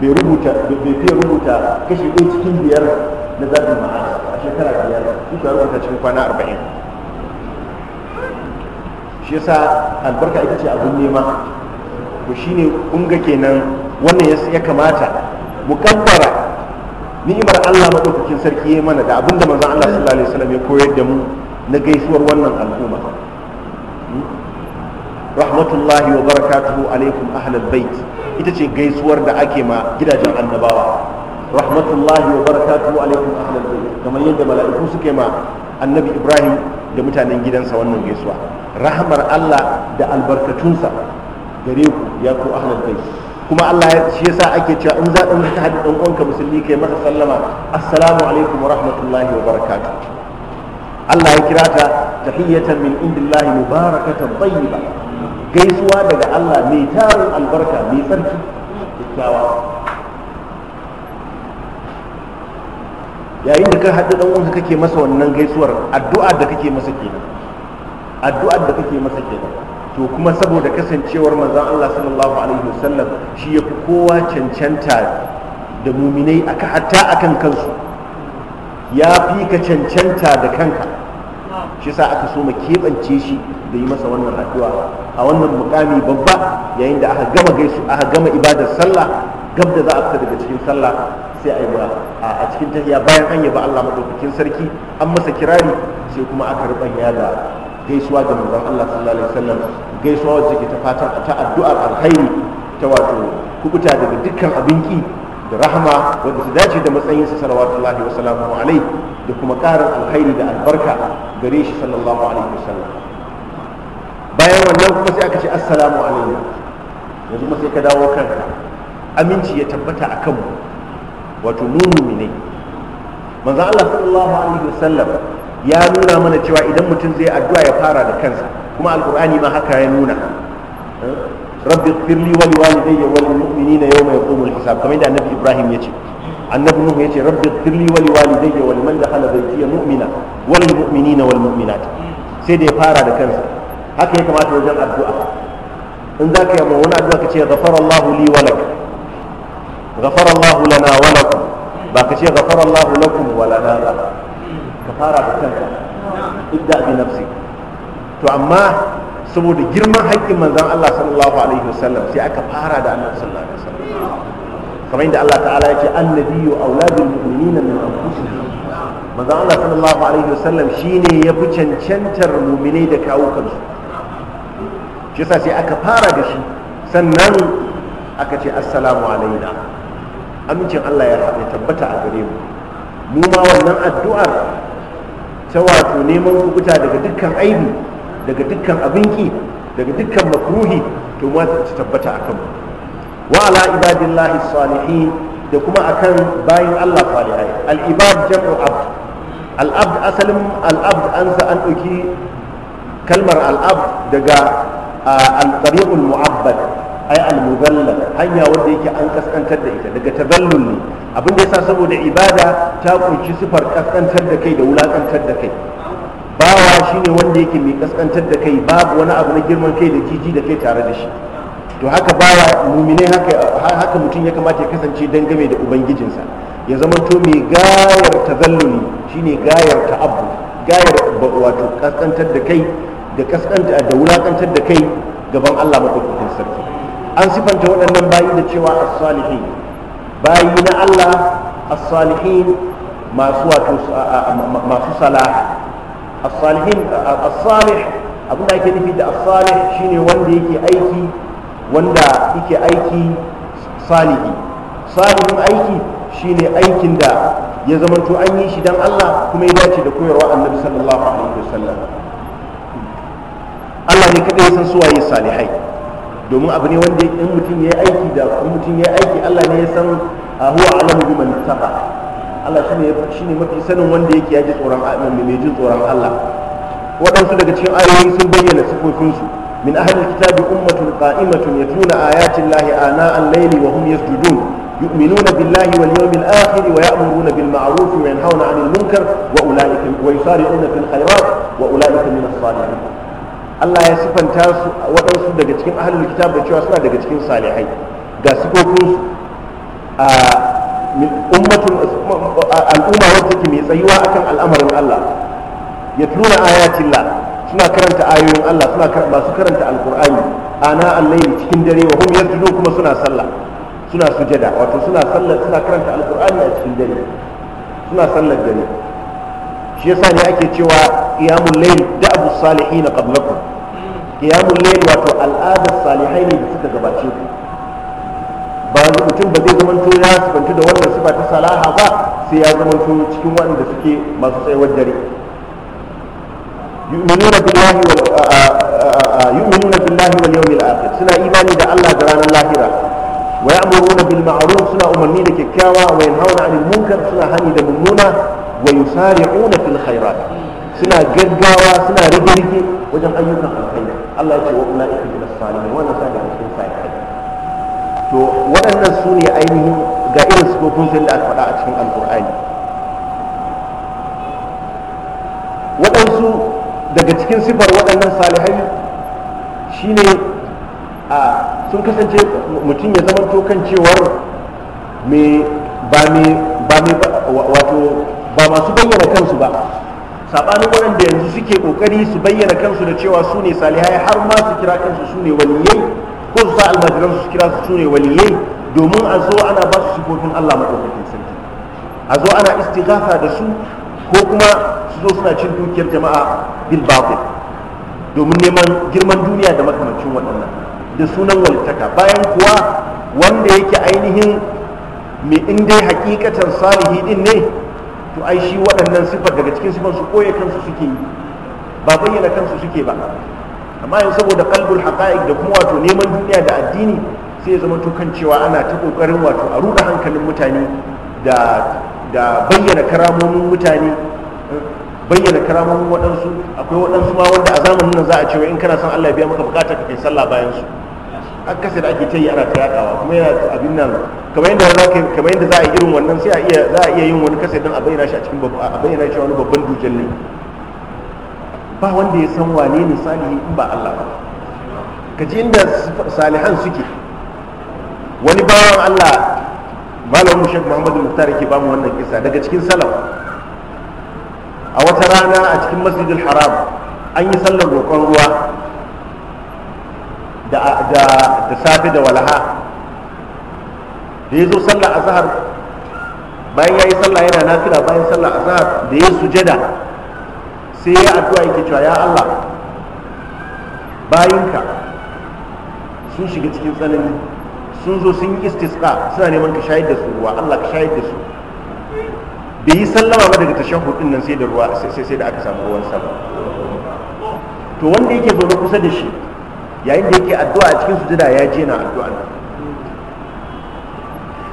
bai rubuta bai fiye rubuta kashi ɗaya cikin biyar na zaɓin ma'ana a shekara biyar duka rubuta cikin kwana arba'in shi yasa albarka ita ce abin nema to shi kun ƙunga kenan wannan ya kamata mu kabbara ni'imar Allah maɗaukakin sarki ya mana da abin da manzon Allah sallallahu alaihi wasallam ya koyar da mu na gaisuwar wannan al'umma hmm? rahmatullahi wa barakatuhu alaikum ahlal bait ita ce gaisuwar da ake ma gidajen annabawa rahmatullahi wa barakatuhu alaikum ahlal bayt kamar yadda mala'iku suke ma annabi ibrahim da mutanen gidansa wannan gaisuwa rahamar allah da albarkatunsa gare ku ya ku ahlal bayt kuma Allah ya shi yasa ake cewa in za in ka haɗu ɗan uwanka musulmi kai masa sallama assalamu alaikum wa rahmatullahi wa barakatuh Allah ya kira ta tahiyatan min indillahi mubarakatan tayyiba gaisuwa daga Allah mai tarin albarka mai tsarki. kyakkyawa yayin da ka haɗu ɗan uwanka kake masa wannan gaisuwar addu'a da kake masa kenan addu'a da kake masa kenan to kuma saboda kasancewar manzon Allah sallallahu alaihi wasallam shi yafi kowa cancanta da muminai aka hatta akan kansu ya fi ka cancanta da kanka shi sa aka so mu keɓance shi da yi masa wannan addu'a a wannan mukami babba yayin da aka gama gaisu aka gama ibadar sallah gab da za a fita daga cikin sallah sai a yi a cikin tahiya bayan an yaba Allah madaukakin sarki an masa kirari sai kuma aka rubanya da gaisuwa da manzon Allah sallallahu alaihi wasallam gaisuwa wacce ke ta fatan ta addu'ar alkhairi ta wato kubuta daga dukkan abinki da rahama wanda su dace da matsayinsa salawatullahi wa alaihi da kuma karin alkhairi da albarka gare shi sallallahu alaihi wasallam bayan wannan kuma sai aka ce assalamu alaikum yanzu kuma sai ka dawo kanka aminci ya tabbata a kanmu wato mu ne manzo Allah sallallahu alaihi wasallam ya nuna mana cewa idan mutum zai addu'a ya fara da kansa kuma alqur'ani ma haka ya nuna rabbi firli wa liwalidayya wal mu'minina yawma yaqumul hisab kamar da annabi Ibrahim ya ce annabi nuhu yace rabbi dhilli wa liwalidayya wa liman dakhala baytiya mu'mina wa lil mu'minina wal mu'minat sai da ya fara da kansa haka ya kamata wajen addu'a in za ka yi wani addu'a ka ce ghafarallahu li wa lak ghafarallahu lana wa lakum ba ka ce ghafarallahu lakum wa lana ba ka fara da kanka idda bi nafsi to amma saboda girman haƙƙin manzon Allah sallallahu alaihi wasallam sai aka fara da annabi sallallahu alaihi wasallam kamar yadda Allah ta'ala ya ce wa auladul mu'minina min anfusihim manzo Allah sallallahu alaihi wasallam shine ya fi cancantar mu'minai da kawukansu shi yasa sai aka fara da shi sannan aka ce assalamu alaina amincin Allah ya haɗe tabbata a gare mu mu ma wannan addu'ar ta wato neman kubuta daga dukkan aibi daga dukkan abinki daga dukkan makruhi to ma ta tabbata a kanmu wa ala ibadillahi salihin da kuma akan bayin Allah salihai al-ibad jam'u abd al-abd asalin al-abd an sa an ɗauki kalmar al-abd daga al-tariqul mu'abbad ay al-mudallal hanya wanda yake an kaskantar da ita daga tadallul ne abin da yasa saboda ibada ta kunshi sifar kaskantar da kai da wulakantar da kai bawa shine wanda yake mai kaskantar da kai babu wani abu na girman kai da jiji da kai tare da shi to haka baya mumine haka mutum ya kamata ya kasance game da ubangijinsa ya zama to mai gayar tazalluli shine gayar ta'abbu gayar wato kaskantar da kai da kaskanta da wulakantar da kai gaban Allah madaukakin sarki an sifanta waɗannan bayi da cewa as-salihin bayi na Allah as-salihin masu wato masu salaha as-salihin as-salih abinda ake nufi da as-salih shine wanda yake aiki wanda yake aiki salihi salihin aiki shine aikin da ya zamanto an yi shi don Allah kuma ya dace da koyarwa annabi sallallahu alaihi wasallam Allah ne kadai ya san waye salihai domin abu ne wanda in mutum ya yi aiki da in mutum ya yi aiki Allah ne ya san huwa alamu bi man taqa Allah shine shine mafi sanin wanda yake ya ji tsoron mai jin tsoron Allah waɗansu daga cikin ayoyi sun bayyana sifofinsu من أهل الكتاب أمة قائمة يتلون آيات الله آناء الليل وهم يسجدون يؤمنون بالله واليوم الآخر ويأمرون بالمعروف وينهون عن المنكر وأولئك ويسارعون في الخيرات وأولئك من الصالحين Allah ya sifanta su waɗansu daga cikin ahalul kitab da cewa suna daga cikin salihai ga sifofin a ummatun al'umma wacce ke mai tsayuwa akan al'amarin Allah ya tuna ayatillah suna karanta ayoyin Allah suna masu karanta alkur'ani ana allahi cikin dare wa hum yarjudu kuma suna sallah suna sujada wato suna sallah suna karanta alkur'ani a cikin dare suna sallar dare shi yasa ne ake cewa qiyamul layl da'abu salihin qablakum qiyamul layl wato al'adar salihai ne da suka gabace ku ba mutum ba zai zama to ya sifantu da wannan sifa ta salaha ba sai ya zama cikin waɗanda suke masu tsayawar dare yu'minuna billahi wal yu'minuna billahi wal yawmil suna imani da Allah da ranar lahira wa ya'muruna bil ma'ruf suna umarni da kyakkyawa wa yanhauna 'anil munkar suna hani da mummuna wa yusari'una fil khairat suna gaggawa suna rige-rige wajen ayyukan alkhairi Allah ya ce wa ula'ika bil salihin wannan sai da cikin sai to waɗannan su ne ainihin ga irin sifofin sai da aka faɗa a cikin alkur'ani waɗansu daga cikin sifar waɗannan salihai shi a sun kasance mutum ya zama kan cewar ba masu bayyana kansu ba saɓanin waɗanda yanzu suke ƙoƙari su bayyana kansu da cewa su ne salihai har ma su kira kansu su ne waliyai ko su sa almajiran su kira su ne waliyai domin a zo ana ba su sifofin allah maɗaukakin sarki a zo ana istighatha da su ko kuma su zo suna cin dukiyar jama'a bil batil domin neman girman duniya da makamancin waɗannan da sunan walittaka bayan kuwa wanda yake ainihin mai in dai hakikatan salihi din ne to ai shi waɗannan siffar daga cikin siffar su koya kansu suke yi ba bayyana kansu suke ba amma yanzu saboda kalbul haqa'iq da kuma wato neman duniya da addini sai ya zama kan cewa ana ta kokarin wato a ruɗa hankalin mutane da da bayyana karamomin mutane bayyana karamomin waɗansu akwai waɗansu ma wanda a zamanin nan za a cewa in kana son Allah biya maka bukata ka kai sallah bayan su an kasa da ake ta yi ana tayakawa kuma yana abin nan kamar yadda za kamar yadda za a yi irin wannan sai a iya za a iya yin wani kasa don a bayyana shi a cikin a bayyana shi wani babban dujal ne ba wanda ya san wane ne salihi in ba Allah ba ka ji inda salihan suke wani bawan Allah malamin shek muhammad muhtar ke bamu wannan kisa daga cikin salaf a wata rana a cikin masjidul haram an yi sallar roƙon ruwa da safe da walaha da ya zo sallar azhar bayan ya yi sallah yana nafila bayan sallar azhar da ya sujada sai ya addu'a yake cewa ya Allah bayinka sun shiga cikin tsanani sun zo sun yi istiska suna neman ka shayar da su ruwa Allah ka shayar da su bai yi sallama ba daga tashar din nan sai da ruwa sai da aka samu ruwan sama to wanda yake zo kusa da shi yayin da yake addu'a a cikin sujada ya je na addu'a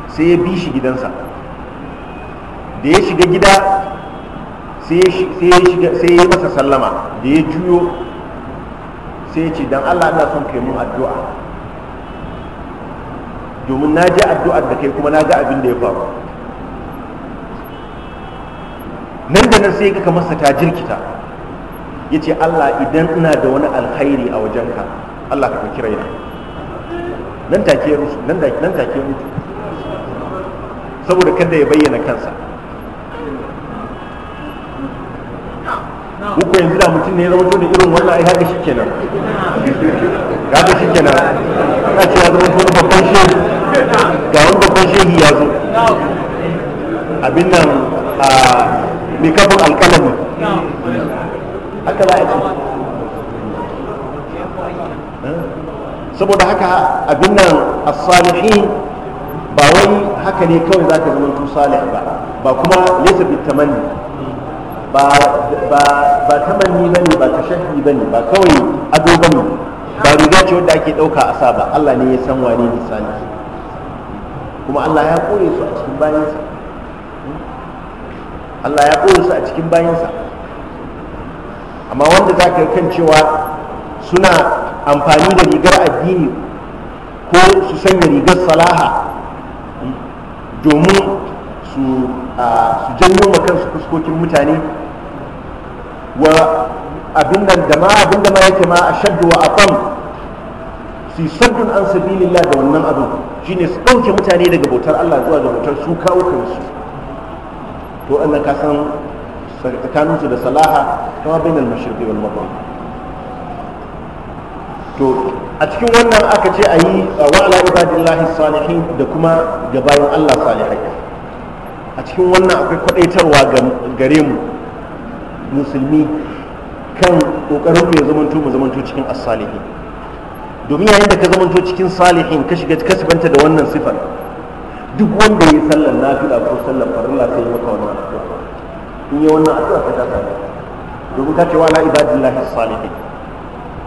sai ya bi shi gidansa da ya shiga gida sai ya yi masa sallama da ya juyo sai ya ce don allah ina son kai mu addu'a domin na ji addu'ar da kai kuma na ga abin da ya faru nan da nan sai ka masa ta jirkita ya ce allah idan ina da wani alkhairi a wajenka allah ka kira raina nan take rusu nan take mutu saboda kada ya bayyana kansa uku yanzu da mutum ne ya zama da irin wannan haka shi kenan haka shi kenan ka ce ya zama da babban shi ga wani babban shehi ya zo abin nan a mai kafin alkalami haka za a ce saboda haka abin nan a salihi ba wai haka ne kawai za ka zama salih ba ba kuma nesa bitamanni ba tamanni ba ne ba ta shafi ba ne ba kawai ado ba ne ba riga ce wadda ake ɗauka a sa ba allah ne ya san wane ne salihi kuma Allah ya kore su a cikin bayansa Allah ya kore su a cikin bayansa amma wanda za ka yi kan cewa suna amfani da rigar addini ko su sanya rigar salaha domin su janyo ma kansu fuskokin mutane wa abin nan da ma abin da ma yake ma a shaddu wa afam su saddun an sabilillah da wannan abin shine su ɗauke mutane daga bautar Allah zuwa da bautar su kawo kansu to Allah ka san tsakaninsu da salaha kama bainal mashriqi wal maghrib to a cikin wannan aka ce a yi wa ala ibadillahi salihin da kuma ga bayan Allah salihai a cikin wannan akwai kwadaitarwa gare mu musulmi kan kokarin mu ya zamanto mu zamanto cikin as-salihin domin yayin da ka zamanto cikin salihin ka shiga ka da wannan sifar duk wanda ya yi sallar nafila ko sallar farilla sai ya maka wannan addu'a in yi wannan addu'a ka ta sami domin ka ce wa la ibadillahi salihin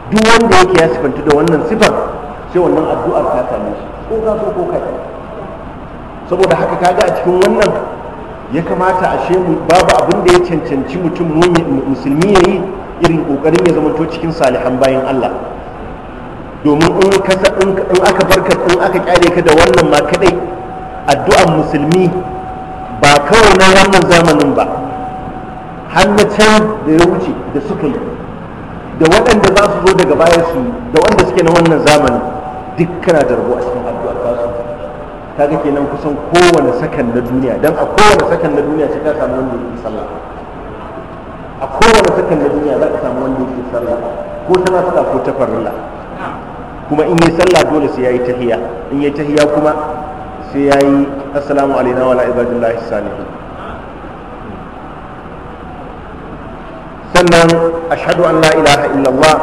duk wanda yake ya sifanta da wannan sifar sai wannan addu'ar ta same shi ko ka so ko kai saboda haka kaga a cikin wannan ya kamata ashe babu abin da ya cancanci mutum musulmi ya yi irin kokarin ya zamanto cikin salihan bayan Allah domin in kasa in aka barka in aka kyale ka da wannan ma kadai addu'an musulmi ba kawai na wannan zamanin ba har na can da ya wuce da suka yi da waɗanda za su zo daga baya su da wanda suke na wannan zamanin duk kana da rabo a cikin addu'ar Ta ga kenan kusan kowane sakan na duniya dan a kowane sakan na duniya sai ka samu wanda yake sallah a kowane sakan na duniya za ka samu wanda yake sallah ko tana sallah ko ta farilla kuma in yi sallah dole sai yi tahiyya in yi tahiyya kuma sai yayi assalamu alaina wa ala salihin sannan ashhadu an la ilaha illallah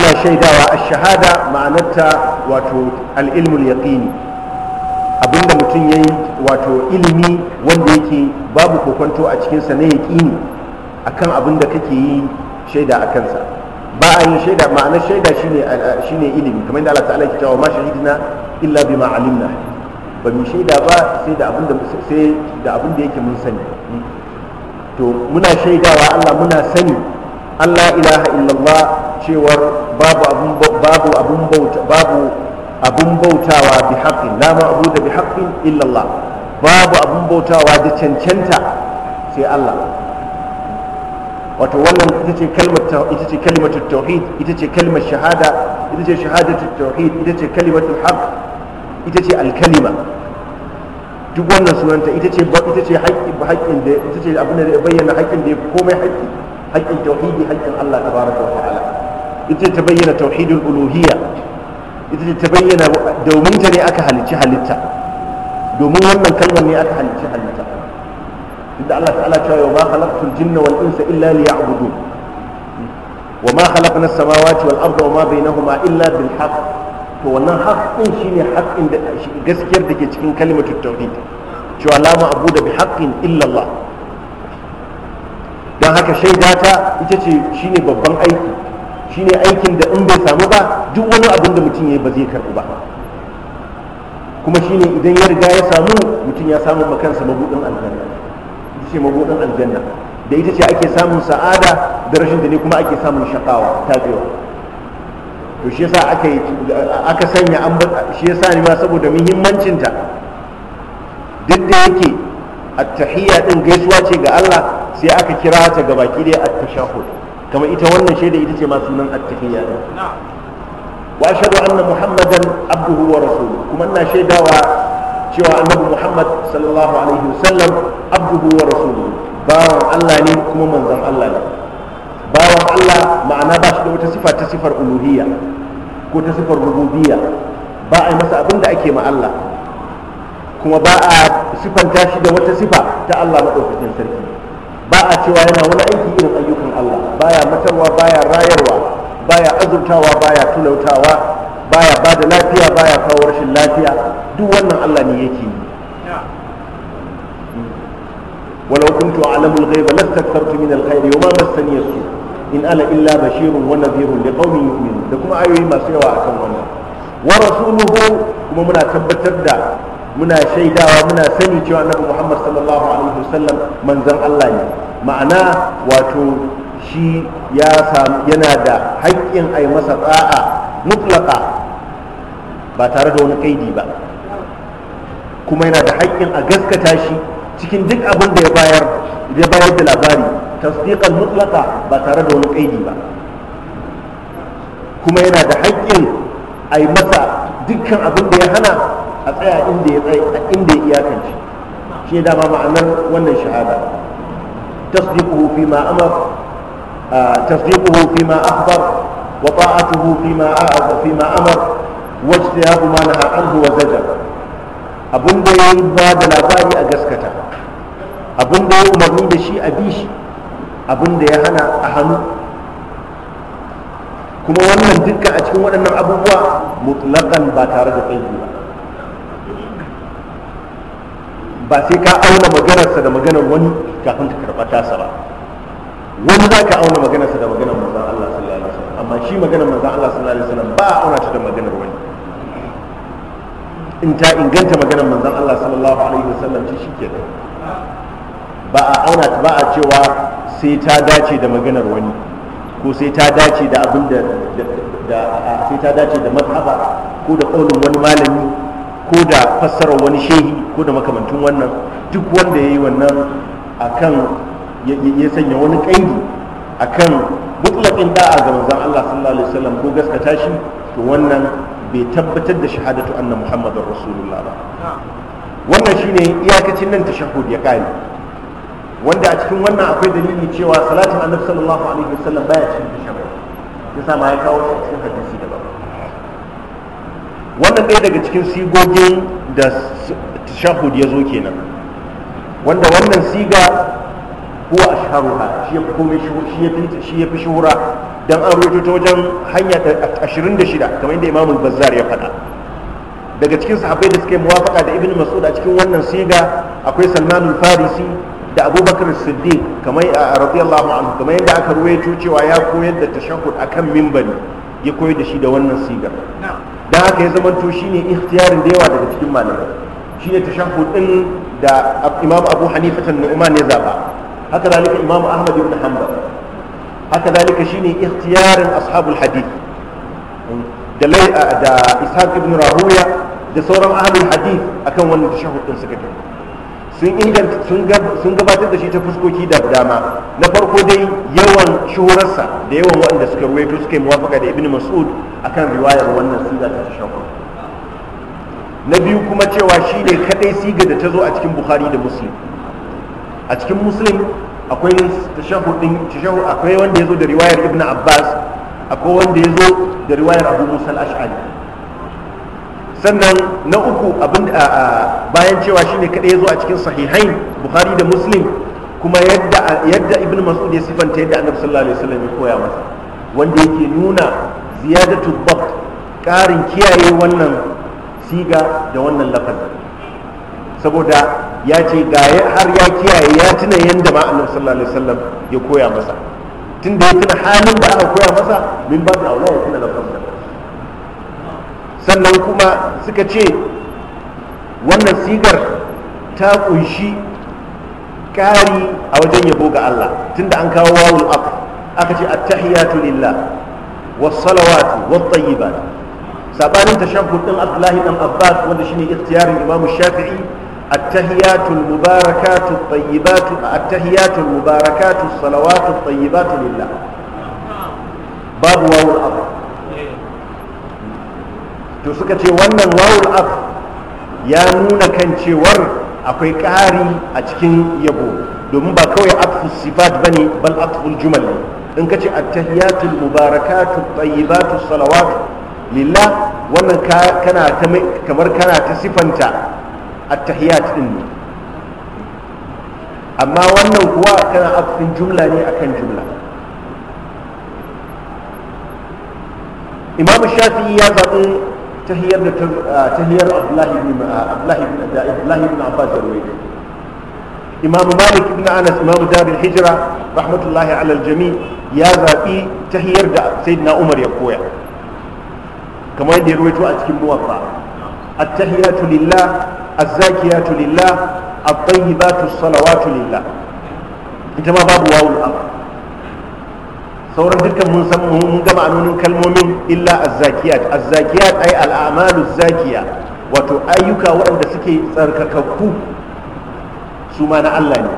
ina shaidawa ash-shahada ma'anarta wato al-ilmul yaqini abinda mutum yayi wato ilimi wanda yake babu kokonto a cikinsa na yaqini akan abinda kake yi shaida a kansa. ba a yi shaida ma'anar shaida shine shine ilimi kamar yadda Allah ta'ala ke cewa ma shahidina illa bima alimna ba mu shaida ba sai da abin da sai da abin da yake mun sani to muna shaidawa Allah muna sani Allah ilaha illallah cewar babu abun babu abun bauta babu abun bautawa bi haqqin la ma'budu bi haqqin illa babu abun bautawa da cancanta sai Allah wato wannan ita ce kalmar ita tauhid ita ce kalmar shahada ita ce shahadatu tauhid ita ce kalimatul haqq ita ce alkalima duk wannan sunanta ita ce ita ce haƙƙin ba haƙƙin da ita ce abin da bayyana haƙƙin da yafi komai haƙƙi haƙƙin tauhidi haƙƙin Allah tabaraka wa ta'ala ita ce ta bayyana tauhidul uluhiyya ita ce ta bayyana domin ta ne aka halicci halitta domin wannan kalmar ne aka halicci halitta inda Allah ta'ala cewa ma khalaqtul jinna wal insa illa liya'budun wa ma khalaqna as-samawati wal arda wa ma bainahuma illa bil haqq to wannan haqqin shine haqqin da gaskiyar da ke cikin kalimatut tauhid cewa la ma'budu bi haqqin illa Allah dan haka shaida ta ita ce shine babban aiki shine aikin da in bai samu ba duk wani abin da mutum ya ba zai karbu ba kuma shine idan ya riga ya samu mutum ya samu makansa mabudin aljanna ce mabuɗin aljanna da ita ce ake samun sa'ada da rashin da ne kuma ake samun shakawa biyo to shi yasa aka aka sanya an shi yasa ne ma saboda muhimmancin ta duk da yake at-tahiyya din gaisuwa ce ga Allah sai aka kira ta ga baki dai at-tashahhud kamar ita wannan shaida ita ce ma sunan at-tahiyya din wa ashhadu anna muhammadan abduhu wa rasuluhu kuma ina shaidawa cewa annabi muhammad sallallahu alaihi wasallam abduhu wa rasuluhu bawan allah ne kuma manzon allah ne bawan allah ma'ana ba shi da wata sifa ta sifar uluhiyya ko ta sifar rububiyya ba a masa abin da ake ma allah kuma ba a sifanta shi da wata sifa ta allah maɗaukakin sarki ba a cewa yana wani aiki irin ayyukan allah baya matarwa baya rayarwa baya azurtawa baya tunautawa baya ba da lafiya baya kawo rashin lafiya duk wannan Allah ne yake yi walau kuntu a'lamu al-ghaiba lastaktartu min al wa ma massani as in ana illa bashirun wa nadhirun liqaumin yu'minun da kuma ayoyi masu yawa akan wannan wa rasuluhu kuma muna tabbatar da muna shaidawa muna sani cewa annabi Muhammad sallallahu alaihi wasallam manzon Allah ne ma'ana wato shi ya yana da haƙƙin ai masa tsa'a mutlaka ba tare da wani kaidi ba kuma yana da haƙƙin a gaskata shi cikin duk abin da ya bayar ya bayar da labari tasdiqan mutlaka ba tare da wani kaidi ba kuma yana da haƙƙin a yi masa dukkan abin da ya hana a tsaya inda ya tsaya inda ya iyakance shi dama ma'anar wannan shahada tasdiquhu ma amara ah, tasdiquhu fima akhbar wa ta'atuhu fima ma Amar. واجتناب ما نهى عنه وزجر abin da ya ba da labari a gaskata abin da ya umarni da shi a bi shi abin da ya hana a hannu kuma wannan dukkan a cikin waɗannan abubuwa mutlaƙan ba tare da ƙaidu ba ba sai ka auna maganarsa da maganar wani kafin ta karɓa tasa ba wani za ka auna maganarsa da maganar manzan Allah sallallahu alaihi amma shi maganar manzan sallallahu alaihi ba a auna ta da maganar wani in ta inganta maganar manzon Allah sallallahu alaihi wasallam shi shike ba a auna ba a cewa sai ta dace da maganar wani ko sai ta dace da abin da sai ta dace da mazhaba ko da ƙaunin wani malami ko da fassarar wani shehi ko da makamantun wannan duk wanda ya yi wannan akan ya sanya wani ƙaidi akan mutlaƙin da'a ga manzon Allah sallallahu alaihi wasallam ko gaskata shi to wannan bai tabbatar da shahadatu annan muhammadar rasulullah ba wannan shine iyakacin nan tashahhud ya kare wanda a cikin wannan akwai dalili cewa salatin annabi sallallahu alaihi wasallam baya cikin tashahud yasa ma ya kawo shi cikin hadisi daban wannan ɗaya daga cikin sigogin da tashahud ya zo kenan wanda wannan siga huwa ashharuha shi ya fi shuhura dan an rubuto ta wajen hanya 26 kamar yadda imamul bazzar ya faɗa daga cikin sahabbai da yi muwafaka da ibn mas'ud a cikin wannan siga akwai salman farisi da abubakar siddiq kamar radiyallahu anhu kamar yadda aka ruwaito cewa ya koyar da tashahhud akan mimbari ya koyar da shi da wannan siga dan haka ya zamanto shine ikhtiyarin da yawa daga cikin malamai shine tashahhud din da imam abu hanifa an-nu'man ya zaba haka zalika imam ahmad ibn hanbal haka zalika shine ikhtiyarin ashabul hadith da da ishaq ibn rahuya da sauran ahlul hadith akan wannan tashahhud din suka tafi sun inganta sun gabatar da shi ta fuskoki da dama na farko dai yawan shuhurarsa da yawan waɗanda suka ruwaito suka yi muwafaka da ibn mas'ud akan riwayar wannan siga ta tashahhud na biyu kuma cewa shi ne kadai siga da ta zo a cikin bukhari da muslim a cikin muslim akwai tashahudin tashahu akwai wanda yazo da riwayar ibn abbas akwai wanda yazo da riwayar abu musa al-ash'ari sannan na uku abin bayan cewa shine kada yazo a cikin sahihain bukhari da muslim kuma yadda yadda ibn mas'ud ya sifanta yadda annabi sallallahu alaihi wasallam ya koya masa wanda yake nuna ziyadatu dabt karin kiyaye wannan siga da wannan lafazin saboda ya ce ga har ya kiyaye ya tuna yadda ma annabi sallallahu alaihi wasallam ya koya masa tun da ya tuna halin da aka koya masa min ba da aula ya tuna da kansa sannan kuma suka ce wannan sigar ta kunshi ƙari a wajen yabo ga Allah tunda an kawo wawul aka aka ce attahiyatu lillah was-salawatu tayyibat sabanin tashabbud din Abdullahi dan Abbas wanda shine ikhtiyarin Imam Shafi'i التهيات المباركات الطيبات التهيات المباركات الصلوات الطيبات لله باب واو الأب to suka ce wannan wawul af ya nuna kan cewar akwai ƙari a cikin yabo domin ba kawai atfus sifat ne, bal atful jumal ne in ka ce attahiyatul mubarakatu tayyibatu salawatu wannan kana kamar kana ta sifanta attahiyat din ne amma wannan kuwa tana afin jumla ne akan jumla imam shafi'i ya zaɓi tahiyar da tahiyar abdullahi ibn abdullahi ibn abbas da ruwaito imam malik ibn anas imam darul hijra rahmatullahi alal jami ya zaɓi tahiyar da sayyidina umar ya koya kamar yadda ya ruwaito a cikin muwaffa at-tahiyatu lillah الزاكيات لله الطيبات الصلوات لله ita ma babu wawul sauran dukkan mun san mun ga ma'anonin kalmomin illa azzakiyat azzakiyat ay al'amalu zakiya wato ayyuka waɗanda suke tsarkakakku su ma na Allah ne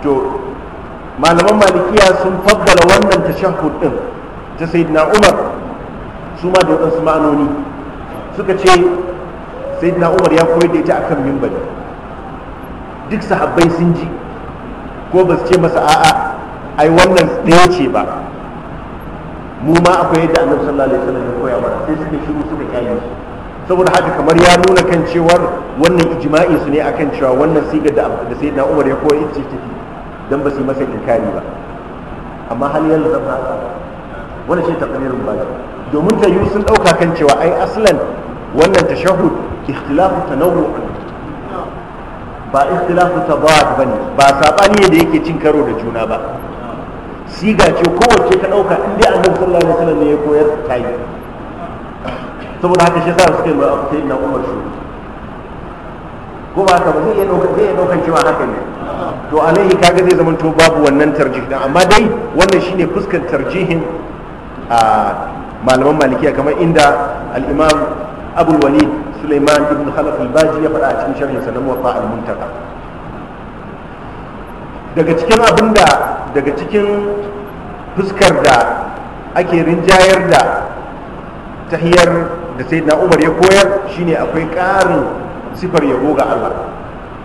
to malaman malikiya sun faddala wannan tashahhud din ta sayyidina Umar su ma da waɗansu ma'anoni suka ce Sai na umar ya koyar da ita akan mimbari duk sahabbai sun ji ko ba su ce masa a'a ai wannan ɗaya ce ba mu ma akwai yadda annabi sallallahu alaihi wasallam ya koya mana sai suka shiru suka kyale su, saboda haka kamar ya nuna kan cewar wannan ijma'i su ne akan cewa wannan siga da da sayyidina umar ya koyar ita ce dan ba su yi masa inkari ba amma hal yalla zama wannan shi taqrirun ba domin ta yi sun dauka kan cewa ai aslan wannan tashahud ikhtilafu tanawwu ba ikhtilafu tabat bane ba sabani ne da yake cin karo da juna ba siga ce kowace ka dauka in dai annabi sallallahu alaihi wasallam ne ya koyar ta yi saboda haka shi sa suke mai ta ina na umar shi kuma haka ba ya dauka zai iya daukan cewa haka ne to alaihi kaga zai zama to babu wannan tarjih din amma dai wannan shine fuskar tarjihin a malaman malikiya kamar inda al-imam abul Suleiman ibn khalaf al-baji ya faɗa a cikin sharhin sanan wa fa'al muntaka daga cikin abinda daga cikin fuskar da ake rinjayar da tahiyar da sayyidina umar ya koyar shine akwai ƙarin sifar yabo ga Allah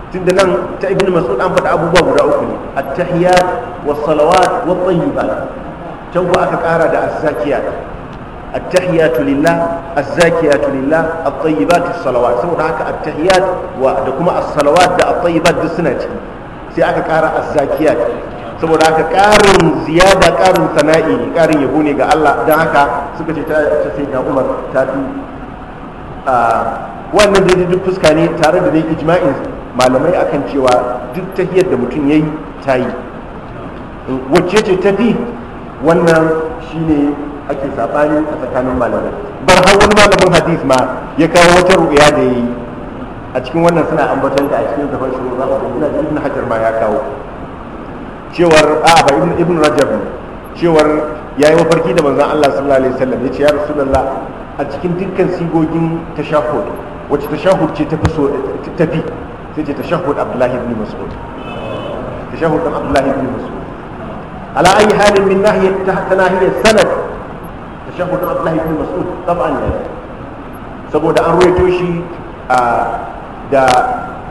tunda nan ta ibn mas'ud an faɗa abubuwa guda uku ne at-tahiyat was-salawat wat-tayyibat can ku aka ƙara da az attahiyatu lillah azzakiyatu lillah at salawat saboda haka attahiyat da kuma as da at suna ciki sai aka ƙara azakiyat saboda haka ƙarin ziyada ƙarin sana'i ƙarin yabo ne ga Allah dan haka suka ce ta sai Umar ta fi wannan daidai duk fuska ne tare da dai ijma'in malamai akan cewa duk tahiyar da mutum yayi ta yi wacce ce tafi wannan shine ake sabani a tsakanin malamai bar har wani malamin hadis ma ya kawo wata ru'ya da yayi a cikin wannan suna ambaton da a cikin zafar shuru za ku ina ibn hajar ma ya kawo cewar a ba ibn ibn rajab cewar yayi mafarki da manzon Allah sallallahu alaihi wasallam yace ya rasulullah a cikin dukkan sigogin tashahhud wacce tashahhud ce tafi so tafi sai ce tashahhud abdullahi ibn mas'ud tashahhud abdullahi ibn mas'ud ala ayi halin min nahiyat tahta nahiyat sanad shahu na abdullahi ibn mas'ud tab'an ne saboda an ruwaito shi da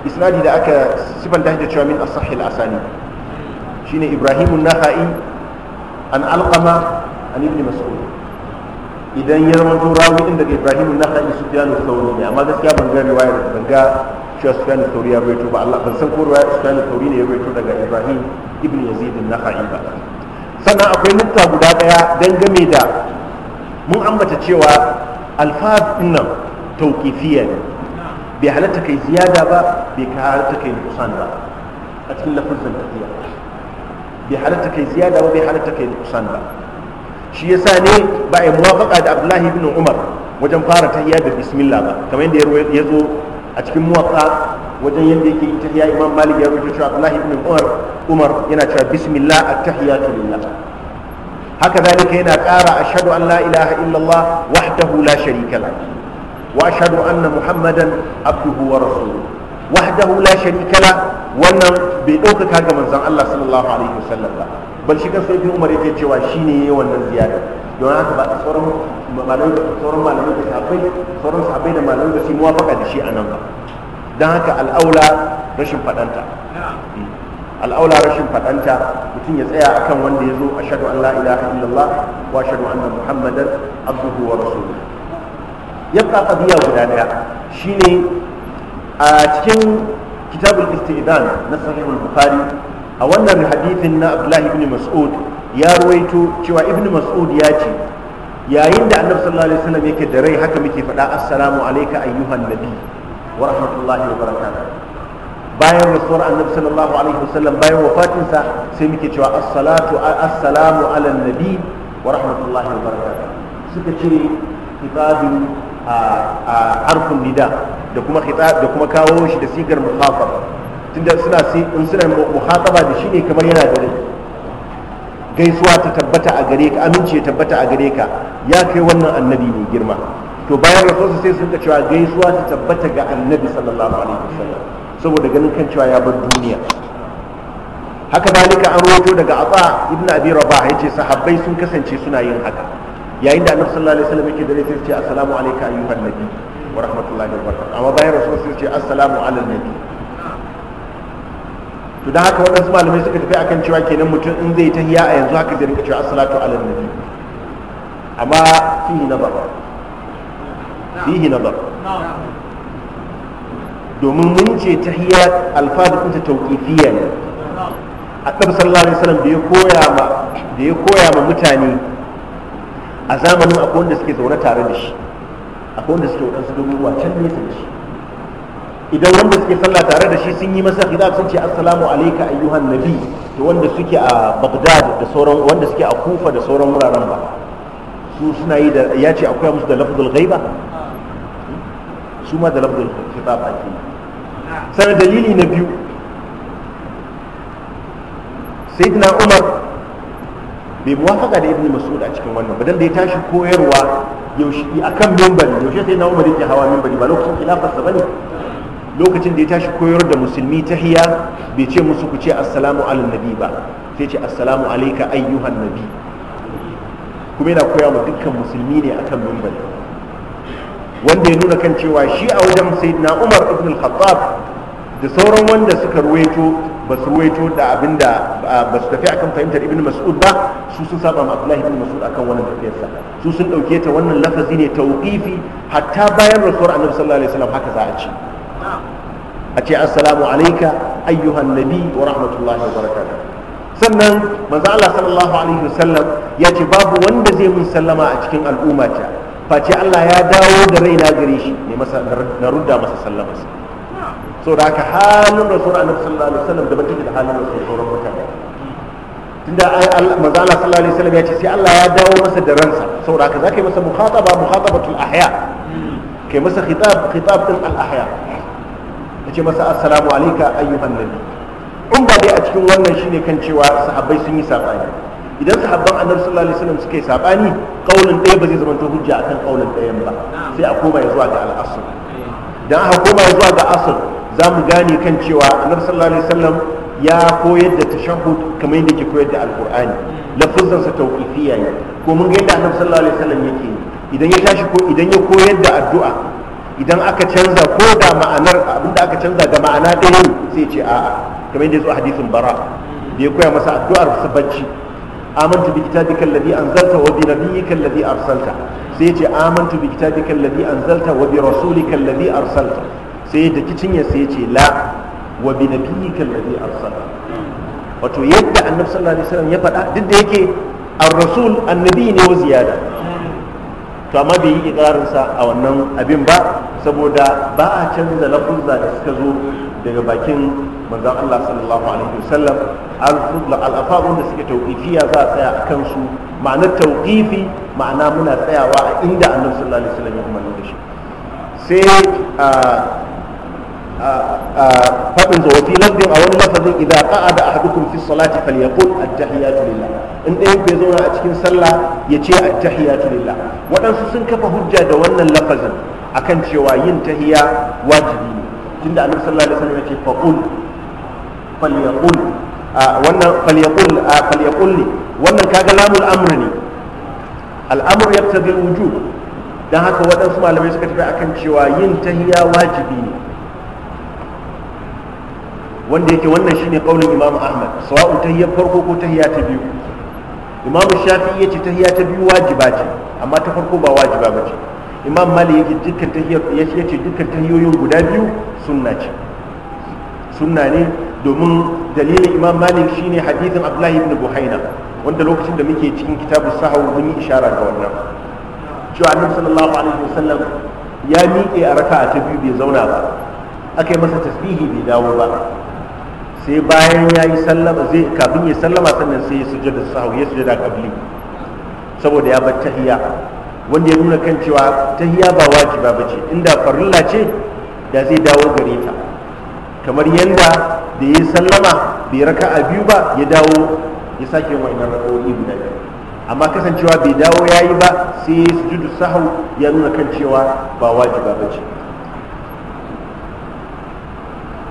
isnadi da aka sifanta da cewa min as-sahih al-asani shine ibrahim an-nakhai an alqama an ibn mas'ud idan ya zama rawi din daga ibrahim an-nakhai sufyan al-thawri ne amma gaskiya ban ga riwayar ban ga cewa sufyan al-thawri ya ruwaito ba Allah ban san ko riwayar su al-thawri ne ya ruwaito daga ibrahim ibn yazid an-nakhai ba sannan akwai nukta guda daya game da mun ambata cewa alfaz nan tauqifiyya ne bai halatta kai ziyada ba bai ka halatta kai nuqsan ba a cikin lafazin tafiya bai halatta kai ziyada ba bai halatta kai nuqsan ba shi yasa ne ba a yi muwafaqa da Abdullahi ibn Umar wajen fara tahiyya da bismillah ba kamar yadda ya zo a cikin muwafaqa wajen yadda yake tahiyya Imam Malik ya rubuta cewa Abdullahi ibn Umar Umar yana cewa bismillah at-tahiyatu lillah haka zalika yana ƙara ashhadu an la ilaha illallah wahdahu la sharika la wa ashhadu anna muhammadan abduhu wa rasuluhu wahdahu la sharika la wannan bai ɗaukaka ga manzon Allah sallallahu alaihi wasallam ba bal shi kan sai Umar yake cewa shine yayin wannan ziyara don haka ba sauran malamai sauran malamai da sahabbai sauran sahabbai da malamai da su muwafaka da shi anan ba don haka al aula rashin faɗanta al'aula rashin faɗanta mutum ya tsaya akan wanda ya zo a shaɗu an la ilaha illallah wa shaɗu muhammadan abduhu wa rasulu yabqa qadiya guda daya shine a cikin kitabul istidan na sahihul bukhari a wannan hadithin na abdullahi ibn mas'ud ya ruwaito cewa ibn mas'ud ya ce yayin da annabi sallallahu alaihi wasallam yake da rai haka muke faɗa assalamu alayka ayyuhan nabi wa rahmatullahi wa barakatuh bayan rasuwar annabi sallallahu alaihi wasallam bayan wafatinsa sai muke cewa assalatu assalamu ala nabi wa rahmatullahi wa barakatuh suka cire kitabin a harfin nida da kuma da kuma kawo shi da sigar muhafar tunda suna in suna muhataba da shi ne kamar yana da rai gaisuwa ta tabbata a gare ka aminci ya tabbata a gare ka ya kai wannan annabi ne girma to bayan rasulsa sai ka cewa gaisuwa ta tabbata ga annabi sallallahu alaihi wasallam saboda ganin kan cewa ya bar duniya haka dalika an rawaito daga atsa ibn abi rabah yace sahabbai sun kasance suna yin haka yayin da annabi sallallahu alaihi wasallam yake da sai ce assalamu alayka ayyuhan nabi wa rahmatullahi wa barakatuh amma bayan rasul sai ce assalamu ala nabi to dan haka wadansu malamai suka tafi akan cewa kenan mutum in zai ta tahiya a yanzu haka zai rinka cewa assalatu ala nabi amma fihi nazar fihi nazar domin mun ce ta hiya alfadu ta tauƙifiya ne a ɗan sallallahu alaihi wasallam da ya koya ma mutane a zamanin akwai wanda suke zaune tare da shi akwai wanda suke waɗansu ruwa can nesa da shi idan wanda suke sallah tare da shi sun yi masa khidab sun ce assalamu alaika ayyuhan nabi to wanda suke a Baghdad da sauran wanda suke a Kufa da sauran wuraren ba su suna yi da ya ce akwai musu da lafzul ghaiba su ma da lafzul khitab ake yi sannan dalili na biyu sayyidina umar bai muwafaka da ibn mas'ud a cikin wannan ba dan da ya tashi koyarwa yaushe akan minbari yaushe sai na umar yake hawa minbari ba lokacin khilafar ba ne? lokacin da ya tashi koyar da musulmi ta hiya bai ce musu ku ce assalamu ala nabi ba sai ce assalamu alayka ayyuhan nabi kuma yana koya ma dukkan musulmi ne akan minbari wanda ya nuna kan cewa shi a wajen sayyidina umar ibn al-khattab da sauran wanda suka ruwaito ba su ruwaito da abin da ba su tafi akan fahimtar ibn mas'ud ba su sun saba ma abdullahi ibn mas'ud akan wannan tafiyarsa su sun dauke ta wannan lafazi ne tawqifi hatta bayan rasuwar annabi sallallahu alaihi wasallam haka za a ce a ce assalamu alayka ayyuhan nabi wa rahmatullahi wa barakatuh sannan manzo Allah sallallahu alaihi wasallam ya ce babu wanda zai mun sallama a cikin al'umma ta. face Allah ya dawo da raina gare shi ne masa na rudda masa sallamarsa so da haka halin rasul annabi sallallahu alaihi wasallam da bakin da halin rasul sauran mutane tunda manzo Allah sallallahu alaihi wasallam ya ce sai Allah ya dawo masa da ransa saboda haka zaka yi masa mukhataba mukhatabatul ahya kai masa khitab khitab al ahya kace masa assalamu alayka ayyuhan nabi in ba dai a cikin wannan shine kan cewa sahabbai sun yi sabani idan sahabban annabi sallallahu alaihi wasallam suka yi sabani kaulin ɗaya ba zai zama to hujja akan kaulin ɗayan ba sai a koma zuwa ga al-asl dan aka koma zuwa ga asl za mu gane kan cewa annabi sallallahu alaihi wasallam ya koyar da tashahhud kamar yadda ke koyar da alqur'ani lafuzan sa tawqifiyya ne ko mun ga yadda annabi sallallahu alaihi wasallam yake idan ya tashi ko idan ya koyar da addu'a idan aka canza ko da ma'anar abinda aka canza ga ma'ana ɗaya sai ce a'a kamar yadda ya zo hadisin bara da ya koya masa addu'ar su bacci amantu bi kitabika alladhi anzalta wa bi nabiyyika alladhi arsalta sai ya ce amantu bi kitabika alladhi anzalta wa bi rasulika alladhi arsalta sai ya daki cinye sai ya ce la wa bi nabiyyika alladhi arsala wato yadda annabi sallallahu alaihi wasallam ya faɗa duk da yake ar-rasul annabi ne wa ziyada to amma bai yi ikrarin sa a wannan abin ba saboda ba a canza lafuzza da suka zo daga bakin manzon Allah sallallahu alaihi wasallam al-alfa'un da suke tawqifiya za a tsaya a kansu ma'anar tawqifi ma'ana muna tsayawa a inda annabi sallallahu alaihi wasallam ya umarni da shi sai ah, faɗin sa wafi lafiyar a wani lafazin idza qa'ada ahadukum fi salati fal at attahiyatu lillah in ɗaya bai zauna a cikin sallah ya ce attahiyatu tahiyatu lillah waɗansu sun kafa hujja da wannan lafazin akan cewa yin tahiya wajibi ne tunda annabi sallallahu alaihi wasallam ya ce faqul falyaqul wannan falyaqul falyaqul ne wannan kaga lamul amr ne Al'amur amr yaqtadi al-wujub dan haka waɗansu malamai suka tafi akan cewa yin tahiya wajibi ne wanda yake wannan shine kaunin imamu ahmad sawa'un tahiyyar farko ko tahiyya ta biyu imamu shafi'i ya tahiyya ta biyu wajiba ce amma ta farko ba wajiba ba ce imam mali yake dukkan tahiyyar yace dukkan tahiyoyin guda biyu sunna ce sunna ne domin dalilin imam malik shine hadithin abdullahi ibn buhaina wanda lokacin da muke cikin kitabu sahawu mun yi ishara ga wannan cewa annabi sallallahu alaihi wasallam ya miƙe a raka'a ta biyu bai zauna ba aka yi masa tasbihi bai dawo ba sai bayan ya yi sallama zai kafin ya sallama sannan sai ya da sahu ya da kabli saboda ya bar tahiya wanda ya nuna kan cewa tahiya ba wajiba ba ce inda farilla ce da zai dawo gare ta kamar yadda da ya sallama bai raka a biyu ba ya dawo ya sake yin wa'annan raka'o'i guda biyu amma kasancewa bai dawo ya yi ba sai ya sujudu sahu ya nuna kan cewa ba wajiba ba ce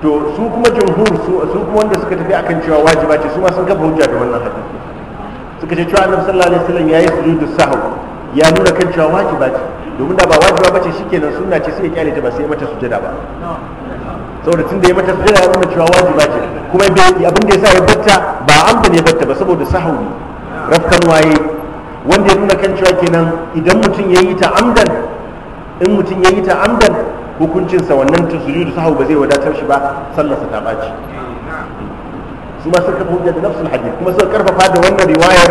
to su kuma jumhur su kuma wanda suka tafi akan cewa wajiba ce su ma sun kafa hujja da wannan hadisi suka ce cewa annabi sallallahu alaihi wasallam yayi sujudu sahw ya nuna kan cewa wajiba ce domin da ba wajiba bace shikenan sunna ce sai ya kyale ta ba sai ya mata sujada ba saboda tunda ya mata sujada ya nuna cewa wajiba ce kuma abin da yasa ya batta ba amda ya batta ba saboda sahw ne rafkan waye wanda ya nuna kan cewa kenan idan mutum ya yi ta amdan in mutum ya yi ta amdan hukuncinsa wannan ta sujudu sahau ba zai wadatar shi ba sallarsa ta ɓaci su ma suka hujja da nafsul hadith kuma suka karfafa da wannan riwayar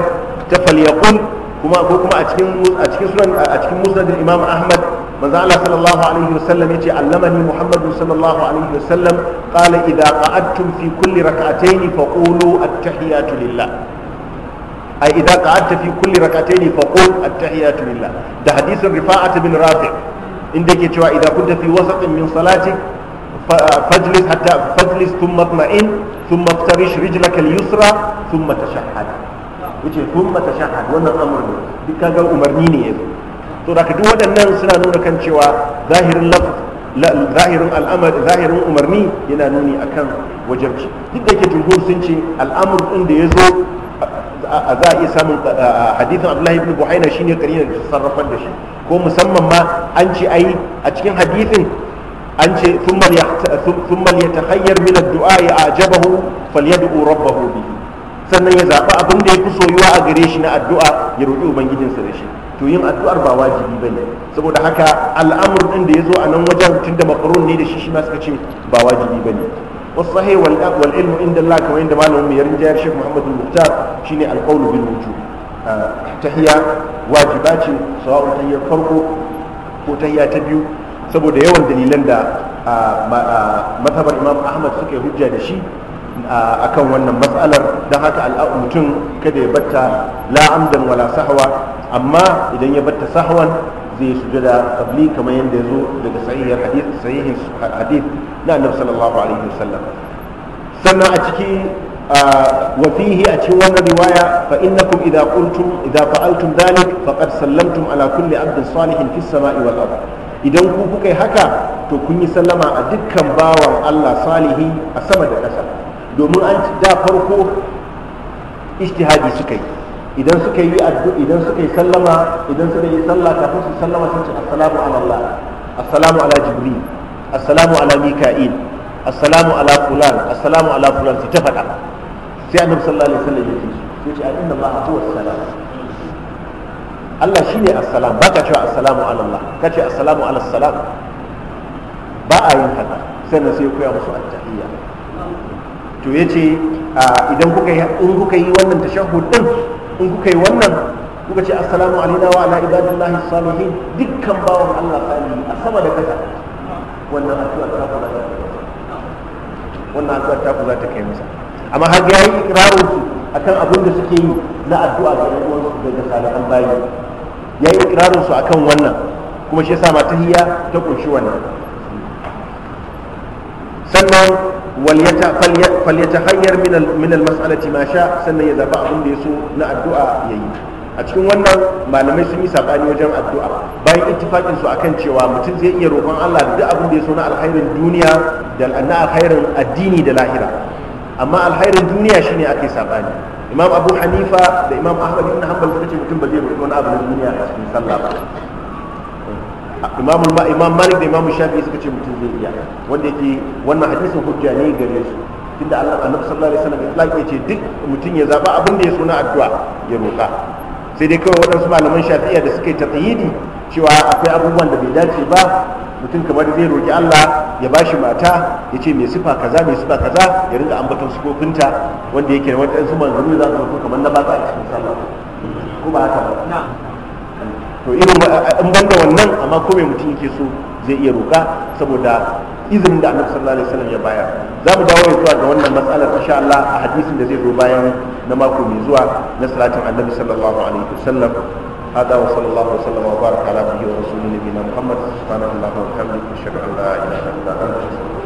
ta falyaqul kuma ko kuma a cikin a cikin sunan a cikin musnad imam ahmad manzo Allah sallallahu alaihi wa sallam yace allamani muhammad sallallahu alaihi wa sallam qala idza qa'adtum fi kulli rak'atayn faqulu at-tahiyatu lillah ai idza qa'adta fi kulli rak'atayn faqul at-tahiyatu lillah da hadisin rifa'at bin rafi' inda yake cewa idan kunta fi wasatin min salati fajlis hatta fajlis thumma tma'in thumma ftarish rijlaka al-yusra thumma tashahhad yace thumma tashahhad wannan amr ne duk kaga umarni ne yazo to da duk waɗannan suna nuna kan cewa zahirin lafz zahirin al'amar zahirin umarni yana nuni akan wajarci duk da yake jumhur sun ce al'amur din da yazo za a iya samun hadithin abdullahi ibn buhaina shine karina da sarrafar da shi ko musamman ma an ce ai a cikin hadithin an ce thumma yatakhayyar min ad-du'a ajabahu falyad'u rabbahu bihi sannan ya zaba abin da ya fi soyuwa a gare shi na addu'a ya roƙi sa da shi to yin addu'ar ba wajibi ba saboda haka al'amur din da ya zo a nan wajen tun da makarun ne da shi shi ma suka ce ba wajibi ba والصحيح والعلم عند الله كما عند مالهم يرجع الشيخ محمد المختار شيني القول بالوجوب تحية واجبات سواء تحية فرقه ko ta biyu saboda yawan dalilan da mazhabar imam ahmad suka hujja da shi a kan wannan matsalar don haka mutum kada ya batta la'amdan wala sahawa amma idan ya batta sahawan zai sujada qabli kamar yadda ya zo daga sahihi hadith sahihi hadith na annabi sallallahu alaihi wasallam sannan a ciki wa fihi a cikin wannan riwaya fa innakum idha qultum idha fa'altum dhalik faqad ala kulli 'abdin salihin fis sama'i wal idan ku kuka haka to kun yi sallama a dukkan bawan Allah salihi a sama da ƙasa domin an da farko ijtihadi suka yi idan suka yi addu idan suka yi sallama idan suka yi sallah kafin su sallama sun ce assalamu ala Allah assalamu ala jibril assalamu ala mika'il assalamu ala fulan assalamu ala fulan su ta faɗa sai annabi sallallahu alaihi wasallam yake su ce inna Allah huwa salam Allah shine assalam baka cewa assalamu ala Allah kace assalamu ala salam ba a yin haka sannan sai ya koya musu attahiyya to yace idan kuka yi in kuka yi wannan tashahhud din in kuka yi wannan kuka ce assalamu alaikum wa ala ibadillahi salihin dukkan bawan Allah salihi a sama da kasa wannan addu'a ta ku za ta wannan addu'a ta za ta kai masa amma har ya yi ikrarin su akan abin da suke yi na addu'a ga ɗan su daga salihan bayan ya yi ikrarin su akan wannan kuma shi yasa ma tahiyya ta kunshi wannan sannan falyatahayyar min almas'alati ma sha sannan ya zaba abin da ya so na addu'a yayi a cikin wannan malamai sun yi sabani wajen addu'a bayan ittifaqin su akan cewa mutum zai iya roƙon Allah da duk abin da ya so na alkhairin duniya da na alkhairin addini da lahira amma alkhairin duniya shine ake sabani imam abu hanifa da imam ahmad ibn hanbal suka ce mutum ba zai roƙi wani abu na duniya a cikin sallah ba imam malik da imam shafi'i suka ce mutum zai iya wanda yake wannan hadisin hujja ne gare su tunda Allah annabi sallallahu alaihi wasallam itlaqi ce duk mutum ya zaba abin da ya so na addu'a ya roƙa sai dai kawai waɗansu malaman shafi'iyya da suka yi cewa akwai abubuwan da bai dace ba mutum kamar zai roƙi Allah ya bashi mata ya ce mai sifa kaza mai sifa kaza ya ringa ambaton sukofinta wanda yake waɗansu manzanni za su kamar na ba a cikin sallah ko ba haka ba to irin in banda wannan amma ko mai mutum yake so zai iya roƙa saboda izinin da annabi sallallahu alaihi wasallam ya bayar za mu dawo zuwa ga wannan matsalar insha Allah a hadisin da zai zo bayan na mako mai zuwa na salatin annabi sallallahu alaihi wasallam هذا وصلى الله وسلم وبارك على نبينا محمد سبحانه الله وبحمده اشهد ان لا اله الا انت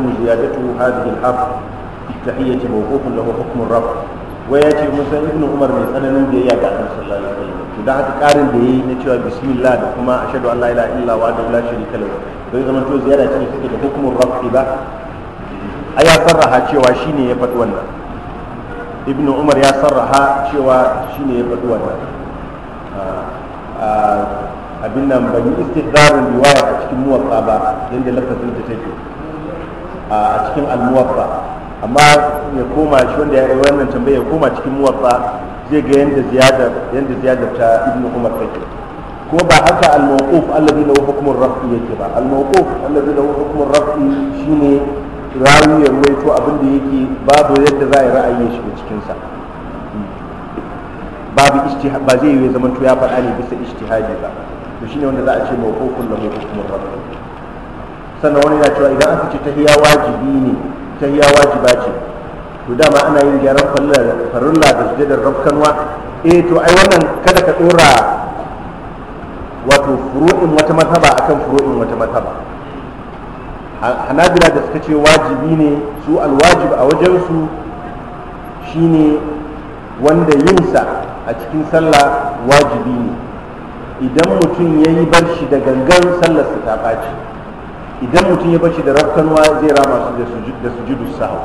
تكون زيادته هذه الحرف التحية موقوف له حكم الرفع وياتي موسى ابن عمر من صلى الله عليه وسلم da yayi na cewa bismillah da kuma ashhadu an la ilaha illa wa la a ya sarraha cewa shine ya faɗi wannan ibn umar ya sarraha cewa shine ya wannan abin nan ban yi istihdarin riwaya a cikin muwaka ba yadda lafazin ta take a cikin muwaffa amma ya koma shi wanda ya yi wannan tambaya ya koma cikin muwaffa zai ga yadda ziyada yadda ziyada ta ibnu umar take ko ba haka al-mawquf alladhi lahu ar raf'i yake ba al-mawquf alladhi lahu ar raf'i shine rawi ya to abin da yake babu yadda za a yi ra'ayi shi cikin sa babu ijtihad ba zai yi zaman to ya faɗa ne bisa ijtihadi ba to shine wanda za a ce mawqufun lahu ar raf'i sannan wani na cewa idan aka ce ta tahiya wajibi ne ta tahiya wajiba ce to dama ana yin gyaran farilla da su jadar rafkanwa eh to ai wannan kada ka dora wato furu'in wata mataba akan furu'in wata mataba hanabila da suka ce wajibi ne su alwajib a wajen su shine wanda yinsa a cikin sallah wajibi ne idan mutum ya yi barshi da gangan sallarsa ta ɓaci idan mutum ya bace da rafkanwa zai rama su da sujudu sahu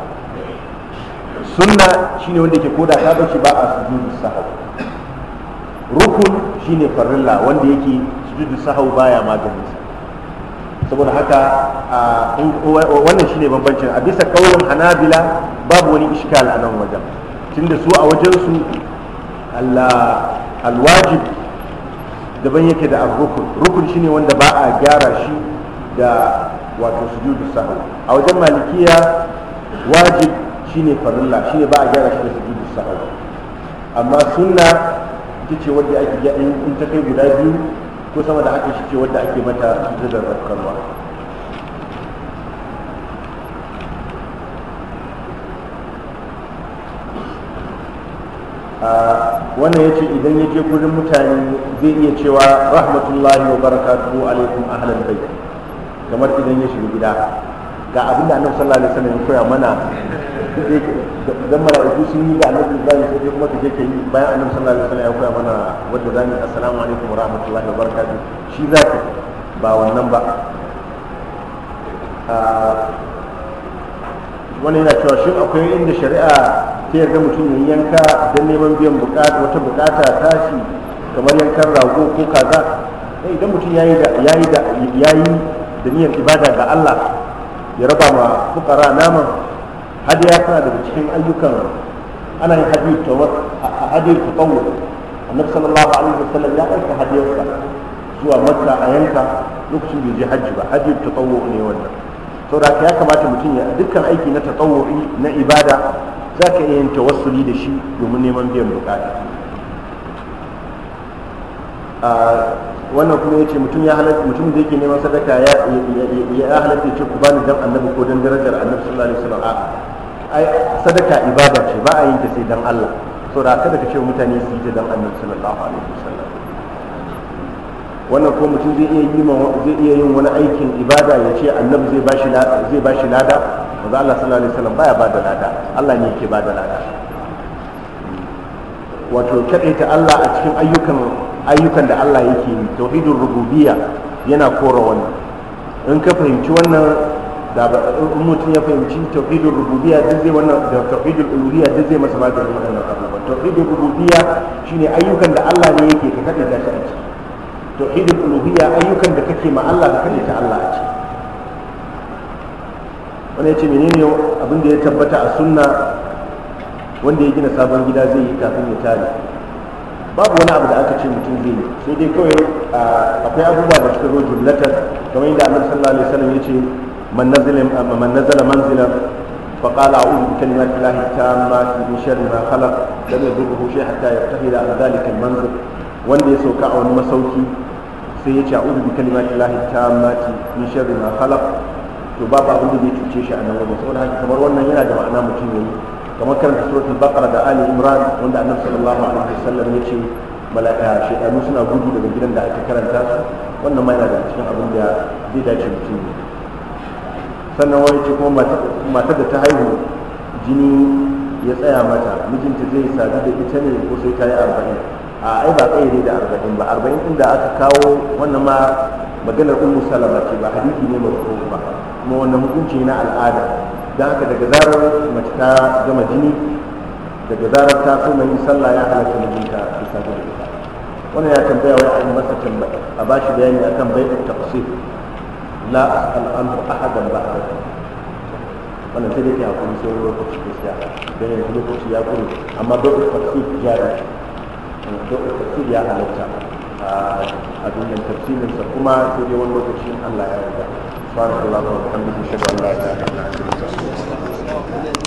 sunna shine wanda yake koda ta bashi ba a sujudu sahu rukun shine farilla wanda yake sujudu ba baya maganin saboda haka wannan shine bambancin a bisa kaurin hanabila babu wani ishkal a nan wajen tunda su a wajensu alwajib daban yake da rukun rukun shine wanda ba a gyara shi da wato sujudu sahu a wajen malikiya wajib shine farilla shine ba a gyara shi da sujudu sahu amma sunna ita ce wadda ake gyara in ta kai guda biyu ko sama da haka shi ce wadda ake mata sujudar rakkarwa wannan ya ce idan ya je gurin mutane zai iya cewa rahmatullahi wa barakatuhu alaikum ahlal bai kamar idan ya shiga gida ga abin da annabi sallallahu alaihi wasallam ya koya mana dan mala'iku sun yi da annabi Ibrahim sai dai kuma kake yi bayan annabi sallallahu alaihi wasallam ya koya mana wanda zamu assalamu alaikum wa rahmatullahi wa barakatuh shi zaka ba wannan ba ah, wani yana cewa shi akwai inda shari'a ta yarda mutum ya yanka don neman biyan bukata wata bukata tashi kamar yankan rago ko kaza eh, idan mutum ya yi da niyyar ibada ga Allah ya raba ma fukara naman hadiya tana daga cikin ayyukan ana yin hadiyar tawar a hadiyar tawar annabi sallallahu alaihi wasallam ya aika hadiyarsa zuwa makka a yanka lokacin bai je hajji ba hadiyar tawar ne wannan saboda ya kamata mutum ya dukkan aiki na tsawo na ibada za ka iya yin tawassuli da shi domin neman biyan bukata wannan kuma yace mutum ya halatta mutum da yake neman sadaka ya ya halatta ce ku bani dan annabi ko dan darajar annabi sallallahu alaihi wasallam ai sadaka ibada ce ba a yin ta sai dan Allah da kada ka ce mutane su yi ta dan annabi sallallahu alaihi wasallam wannan ko mutum zai iya yi zai iya yin wani aikin ibada ya ce annabi zai bashi lada zai bashi lada manzo Allah sallallahu alaihi wasallam baya bada lada Allah ne yake bada lada wato kadaita Allah a cikin ayyukan ayyukan da Allah yake yi tauhidul rububiyya yana kora wannan in ka fahimci wannan da in mutum ya fahimci tauhidul rububiyya duk zai wannan da tauhidul uluhiyya duk zai masa maganin wannan abubuwan tauhidul rububiyya shine ayyukan da Allah ne yake ka kada ta shi tauhidul uluhiyya ayyukan da kake ma Allah da kada ta Allah a ciki wani ya ce menene abin da ya tabbata a sunna wanda ya gina sabon gida zai yi kafin ya tare babu wani abu da aka ce mutum zai yi sai dai kawai akwai abubuwa da suka zo jumlatar kamar yadda annabi sallallahu alaihi wasallam yace man nazala man nazala manzila fa qala a'udhu bi kalimati llahi tammati min sharri ma khalaq lam yadurruhu shay hatta yartahila an dhalika al-manzil wanda ya sauka a wani masauki sai ya ce a'udhu bi kalimati llahi tammati min sharri ma khalaq to babu abin da zai cuce shi a nan wajen saboda haka kamar wannan yana da ma'ana mutum yayi kamar karanta al baqara da ali imran wanda annabi sallallahu alaihi wasallam ya ce mala'ika shekaru suna gudu daga gidan da aka karanta su wannan ma yana da cikin abin da zai dace mutum ne sannan wani ce kuma matar da ta haihu jini ya tsaya mata mijinta zai sadu da ita ne ko sai ta yi arba'in a ai ba tsaye ne da arba'in ba arba'in inda aka kawo wannan ma maganar ummu salama ce ba hadisi ne mai ba kuma wannan hukunci na al'ada da haka daga zarar mace ta gama jini daga zarar ta so mai sallah ya halatta mijinta ta sadu da ita wannan ya tambaya wai an masa tambaya a bashi bayani akan bai'at tafsir la as'al ba ahadan ba'da wannan sai dai kuma sai lokaci ko sai dan yanzu lokaci ya kure amma dole tafsir jari bai'at tafsir ya halatta a dunyan tafsirin sa kuma sai dai wani lokacin Allah ya yarda بارك الله وبحمده اشهد ان لا اله الا انت